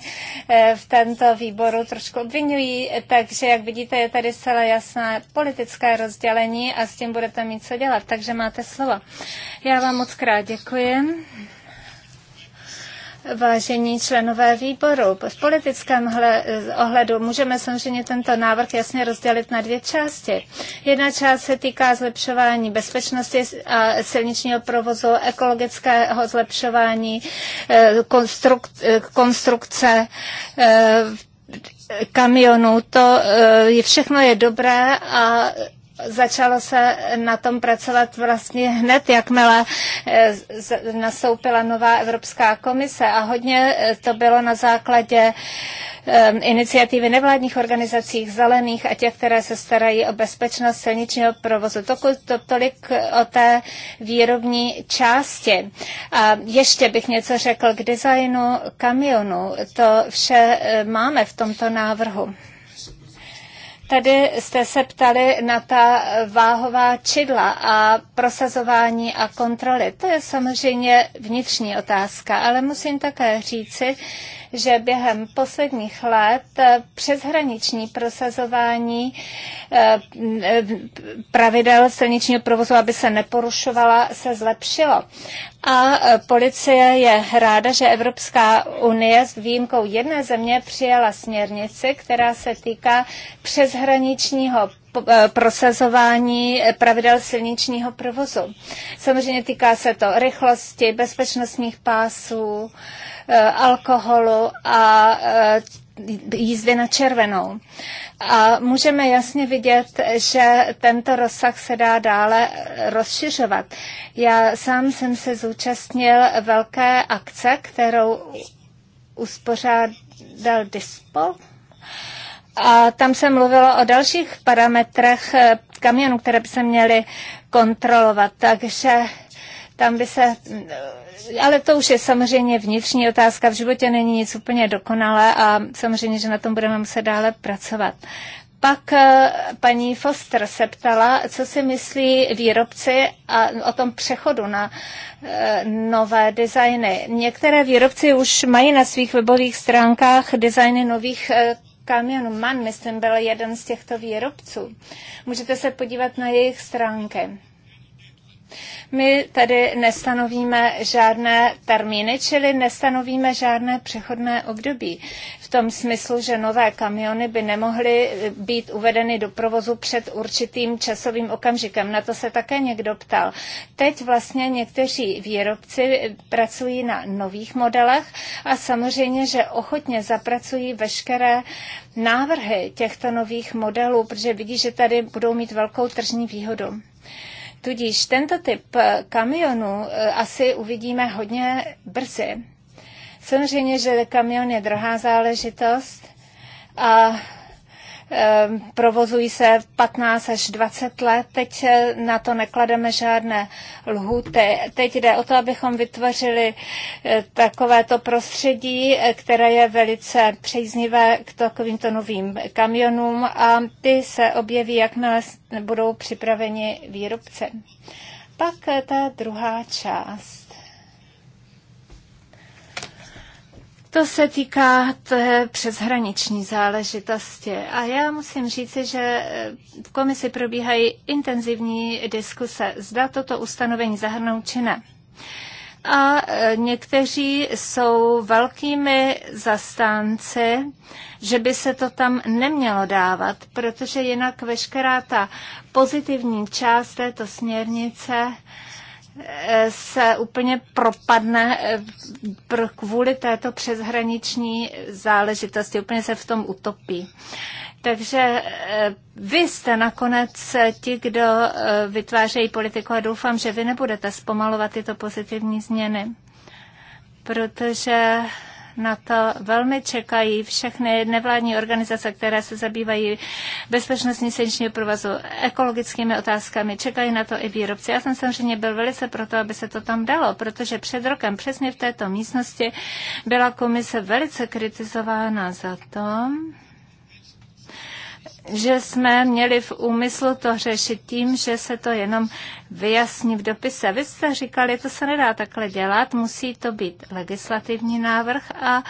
eh, v tento výboru trošku obvinují, takže jak vidíte, je tady celé jasné politické rozdělení a s tím budete mít co dělat, takže máte slovo. Já vám moc krát děkuji. Vážení členové výboru, v politickém ohledu můžeme samozřejmě tento návrh jasně rozdělit na dvě části. Jedna část se týká zlepšování bezpečnosti a silničního provozu, ekologického zlepšování, eh, konstruk, eh, konstrukce eh, kamionů. To je všechno je dobré a začalo se na tom pracovat vlastně hned, jakmile eh, nastoupila nová Evropská komise a hodně eh, to bylo na základě eh, iniciativy nevládních organizací zelených a těch, které se starají o bezpečnost silničního provozu. To, to, tolik o té výrobní části. A ještě bych něco řekl k designu kamionu. To vše máme v tomto návrhu. Tady jste se ptali na ta váhová čidla a prosazování a kontroly. To je samozřejmě vnitřní otázka, ale musím také říci, že během posledních let eh, přeshraniční prosazování eh, pravidel silničního provozu, aby se neporušovala, se zlepšilo. A eh, policie je ráda, že Evropská unie s výjimkou jedné země přijala směrnici, která se týká přeshraničního Eh, prosazování eh, pravidel silničního provozu. Samozřejmě týká se to rychlosti, bezpečnostních pásů, eh, alkoholu a jízdy na červenou. A můžeme jasně vidět, že tento rozsah se dá dále rozšiřovat. Já sám jsem se zúčastnil velké akce, kterou uspořádal Dispo. A tam se mluvilo o dalších parametrech eh, kamionů, které by se měly kontrolovat. Takže tam by se, mm, ale to už je samozřejmě vnitřní otázka, v životě není nic úplně dokonalé a samozřejmě, že na tom budeme muset dále pracovat. Pak eh, paní Foster se ptala, co si myslí výrobci a o tom přechodu na eh, nové designy. Některé výrobci už mají na svých webových stránkách designy nových kamionu MAN, myslím, byl jeden z těchto výrobců. Můžete se podívat na jejich stránky. My tady nestanovíme žádné termíny, čili nestanovíme žádné přechodné období. V tom smyslu, že nové kamiony by nemohly eh, být uvedeny do provozu před určitým časovým okamžikem. Na to se také někdo ptal. Teď vlastně někteří výrobci eh, pracují na nových modelech a samozřejmě, že ochotně zapracují veškeré návrhy těchto nových modelů, protože vidí, že tady budou mít velkou tržní výhodu. Tudíž tento typ eh, kamionů eh, asi uvidíme hodně brzy. Samozřejmě, že kamion je drahá záležitost a Ehm, provozují se 15 až 20 let, teď eh, na to neklademe žádné lhuty. Teď jde o to, abychom vytvořili eh, takovéto prostředí, eh, které je velice příznivé k takovýmto novým kamionům a ty se objeví, jakmile budou připraveni výrobce. Pak ta druhá část To se týká té přeshraniční záležitosti. A já musím říci, že e, v komisi probíhají intenzivní diskuse, zda toto ustanovení zahrnout či ne a e, někteří jsou velkými zastánci, že by se to tam nemělo dávat, protože jinak veškerá ta pozitivní část této směrnice se úplně propadne eh, kvůli této přeshraniční záležitosti, úplně se v tom utopí. Takže eh, vy jste nakonec eh, ti, kdo vytvářejí politiku a doufám, že vy nebudete zpomalovat tyto pozitivní změny, protože na to velmi čekají všechny nevládní organizace, které se zabývají bezpečnostní silničního provazu, ekologickými otázkami, čekají na to i výrobci. Já jsem samozřejmě byl velice proto, aby se to tam dalo, protože před rokem přesně v této místnosti byla komise velice kritizována za to, že jsme měli v úmyslu to řešit tím, že se to jenom vyjasní v dopise. Vy jste říkali, to se nedá takhle dělat, musí to být legislativní návrh a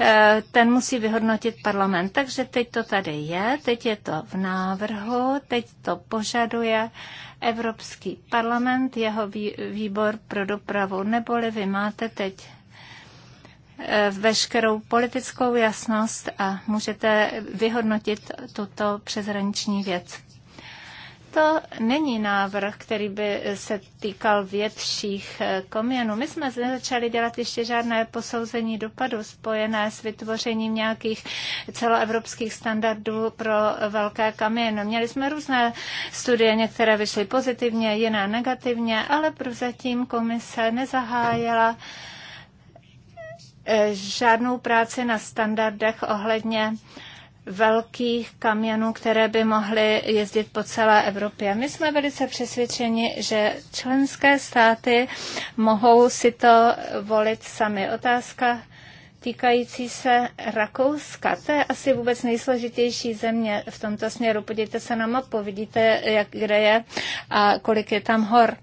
e, ten musí vyhodnotit parlament. Takže teď to tady je, teď je to v návrhu, teď to požaduje Evropský parlament, jeho výbor pro dopravu, neboli vy máte teď Eh, veškerou politickou jasnost a můžete vyhodnotit tuto přezraniční věc. To není návrh, který by se týkal větších eh, komionů. My jsme začali dělat ještě žádné posouzení dopadu spojené s vytvořením nějakých celoevropských standardů pro velké kamieny. Měli jsme různé studie, některé vyšly pozitivně, jiné negativně, ale prozatím komise nezahájela. uh, Eh, žádnou práci na standardech ohledně velkých kamionů, které by mohly jezdit po celé Evropě. My jsme velice přesvědčeni, že členské státy mohou si to volit sami. Otázka týkající se Rakouska. To je asi vůbec nejsložitější země v tomto směru. Podívejte se na mapu, vidíte, jak, kde je a kolik je tam hor.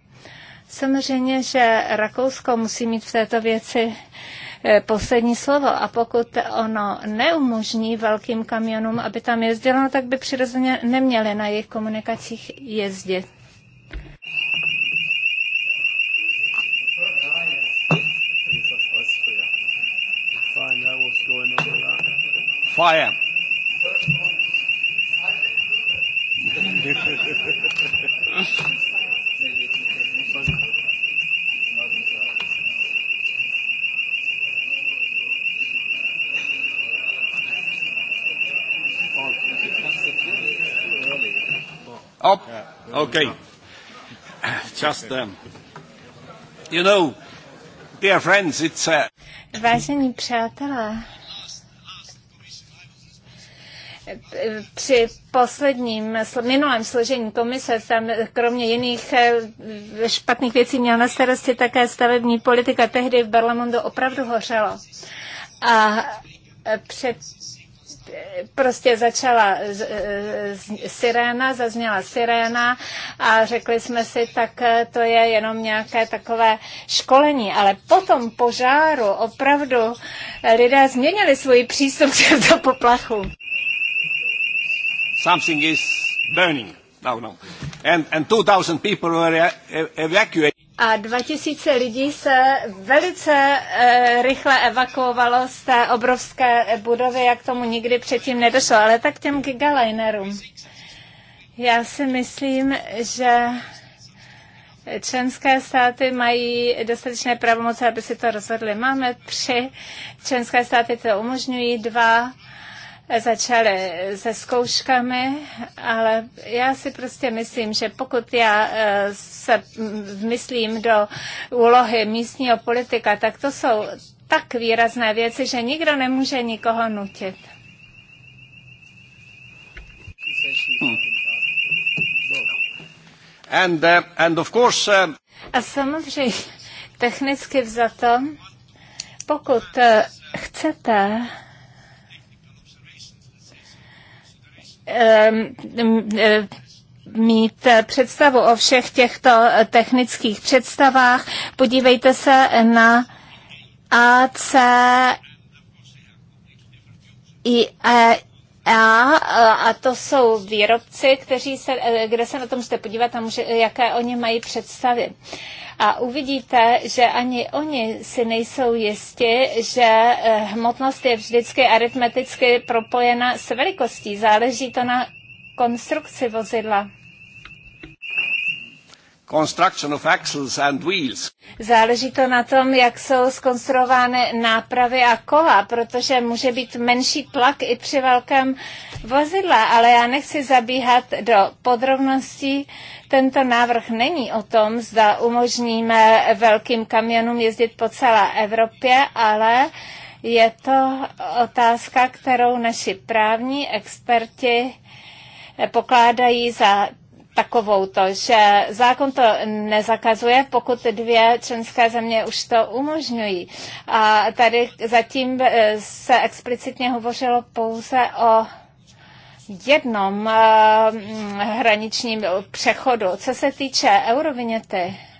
Samozřejmě, že Rakousko musí mít v této věci Eh, poslední slovo. A pokud ono neumožní velkým kamionům, aby tam jezdilo, no, tak by přirozeně neměli na jejich komunikacích jezdit. Fire. Okay. Just, um, you know, dear friends, it's a... Uh, Vážení přátelé, při posledním, minulém složení komise tam kromě jiných eh, špatných věcí měl na starosti také stavební politika. Tehdy v Barlamondo opravdu hořelo. A eh, před prostě začala siréna, zazněla siréna a řekli jsme si, tak to je jenom nějaké takové školení, ale po tom požáru opravdu lidé změnili svůj přístup k těmto poplachu. Something is burning. No, no. And, and 2000 people were e-, e-, evacuated a 2000 lidí se velice e, rychle evakuovalo z té obrovské budovy, jak tomu nikdy předtím nedošlo, ale tak těm gigalinerům. Já si myslím, že členské státy mají dostatečné pravomoce, aby si to rozhodly. Máme tři členské státy, to umožňují, dva začali se zkouškami, ale já si prostě myslím, že pokud já eh, se mm, myslím do úlohy místního politika, tak to jsou tak výrazné věci, že nikdo nemůže nikoho nutit. And, uh, and of course, uh... A samozřejmě, technicky vzato, pokud eh, chcete Ehm, ehm, ehm, mít představu o všech těchto technických představách. Podívejte se na AC i e, a, a to jsou výrobci, kteří se, eh, kde se na to můžete podívat a může, jaké oni mají představy. A uvidíte, že ani oni si nejsou jisti, že eh, hmotnost je vždycky aritmeticky propojena s velikostí. Záleží to na konstrukci vozidla. Záleží to na tom, jak jsou skonstruovány nápravy a kola, protože může být menší tlak i při velkém vozidle, ale já nechci zabíhat do podrobností. Tento návrh není o tom, zda umožníme velkým kamionům jezdit po celé Evropě, ale je to otázka, kterou naši právní experti pokládají za takovou to, že zákon to nezakazuje, pokud dvě členské země už to umožňují. A tady zatím eh, se explicitně hovořilo pouze o jednom eh, hm, hraničním přechodu. Co se týče eurovinety,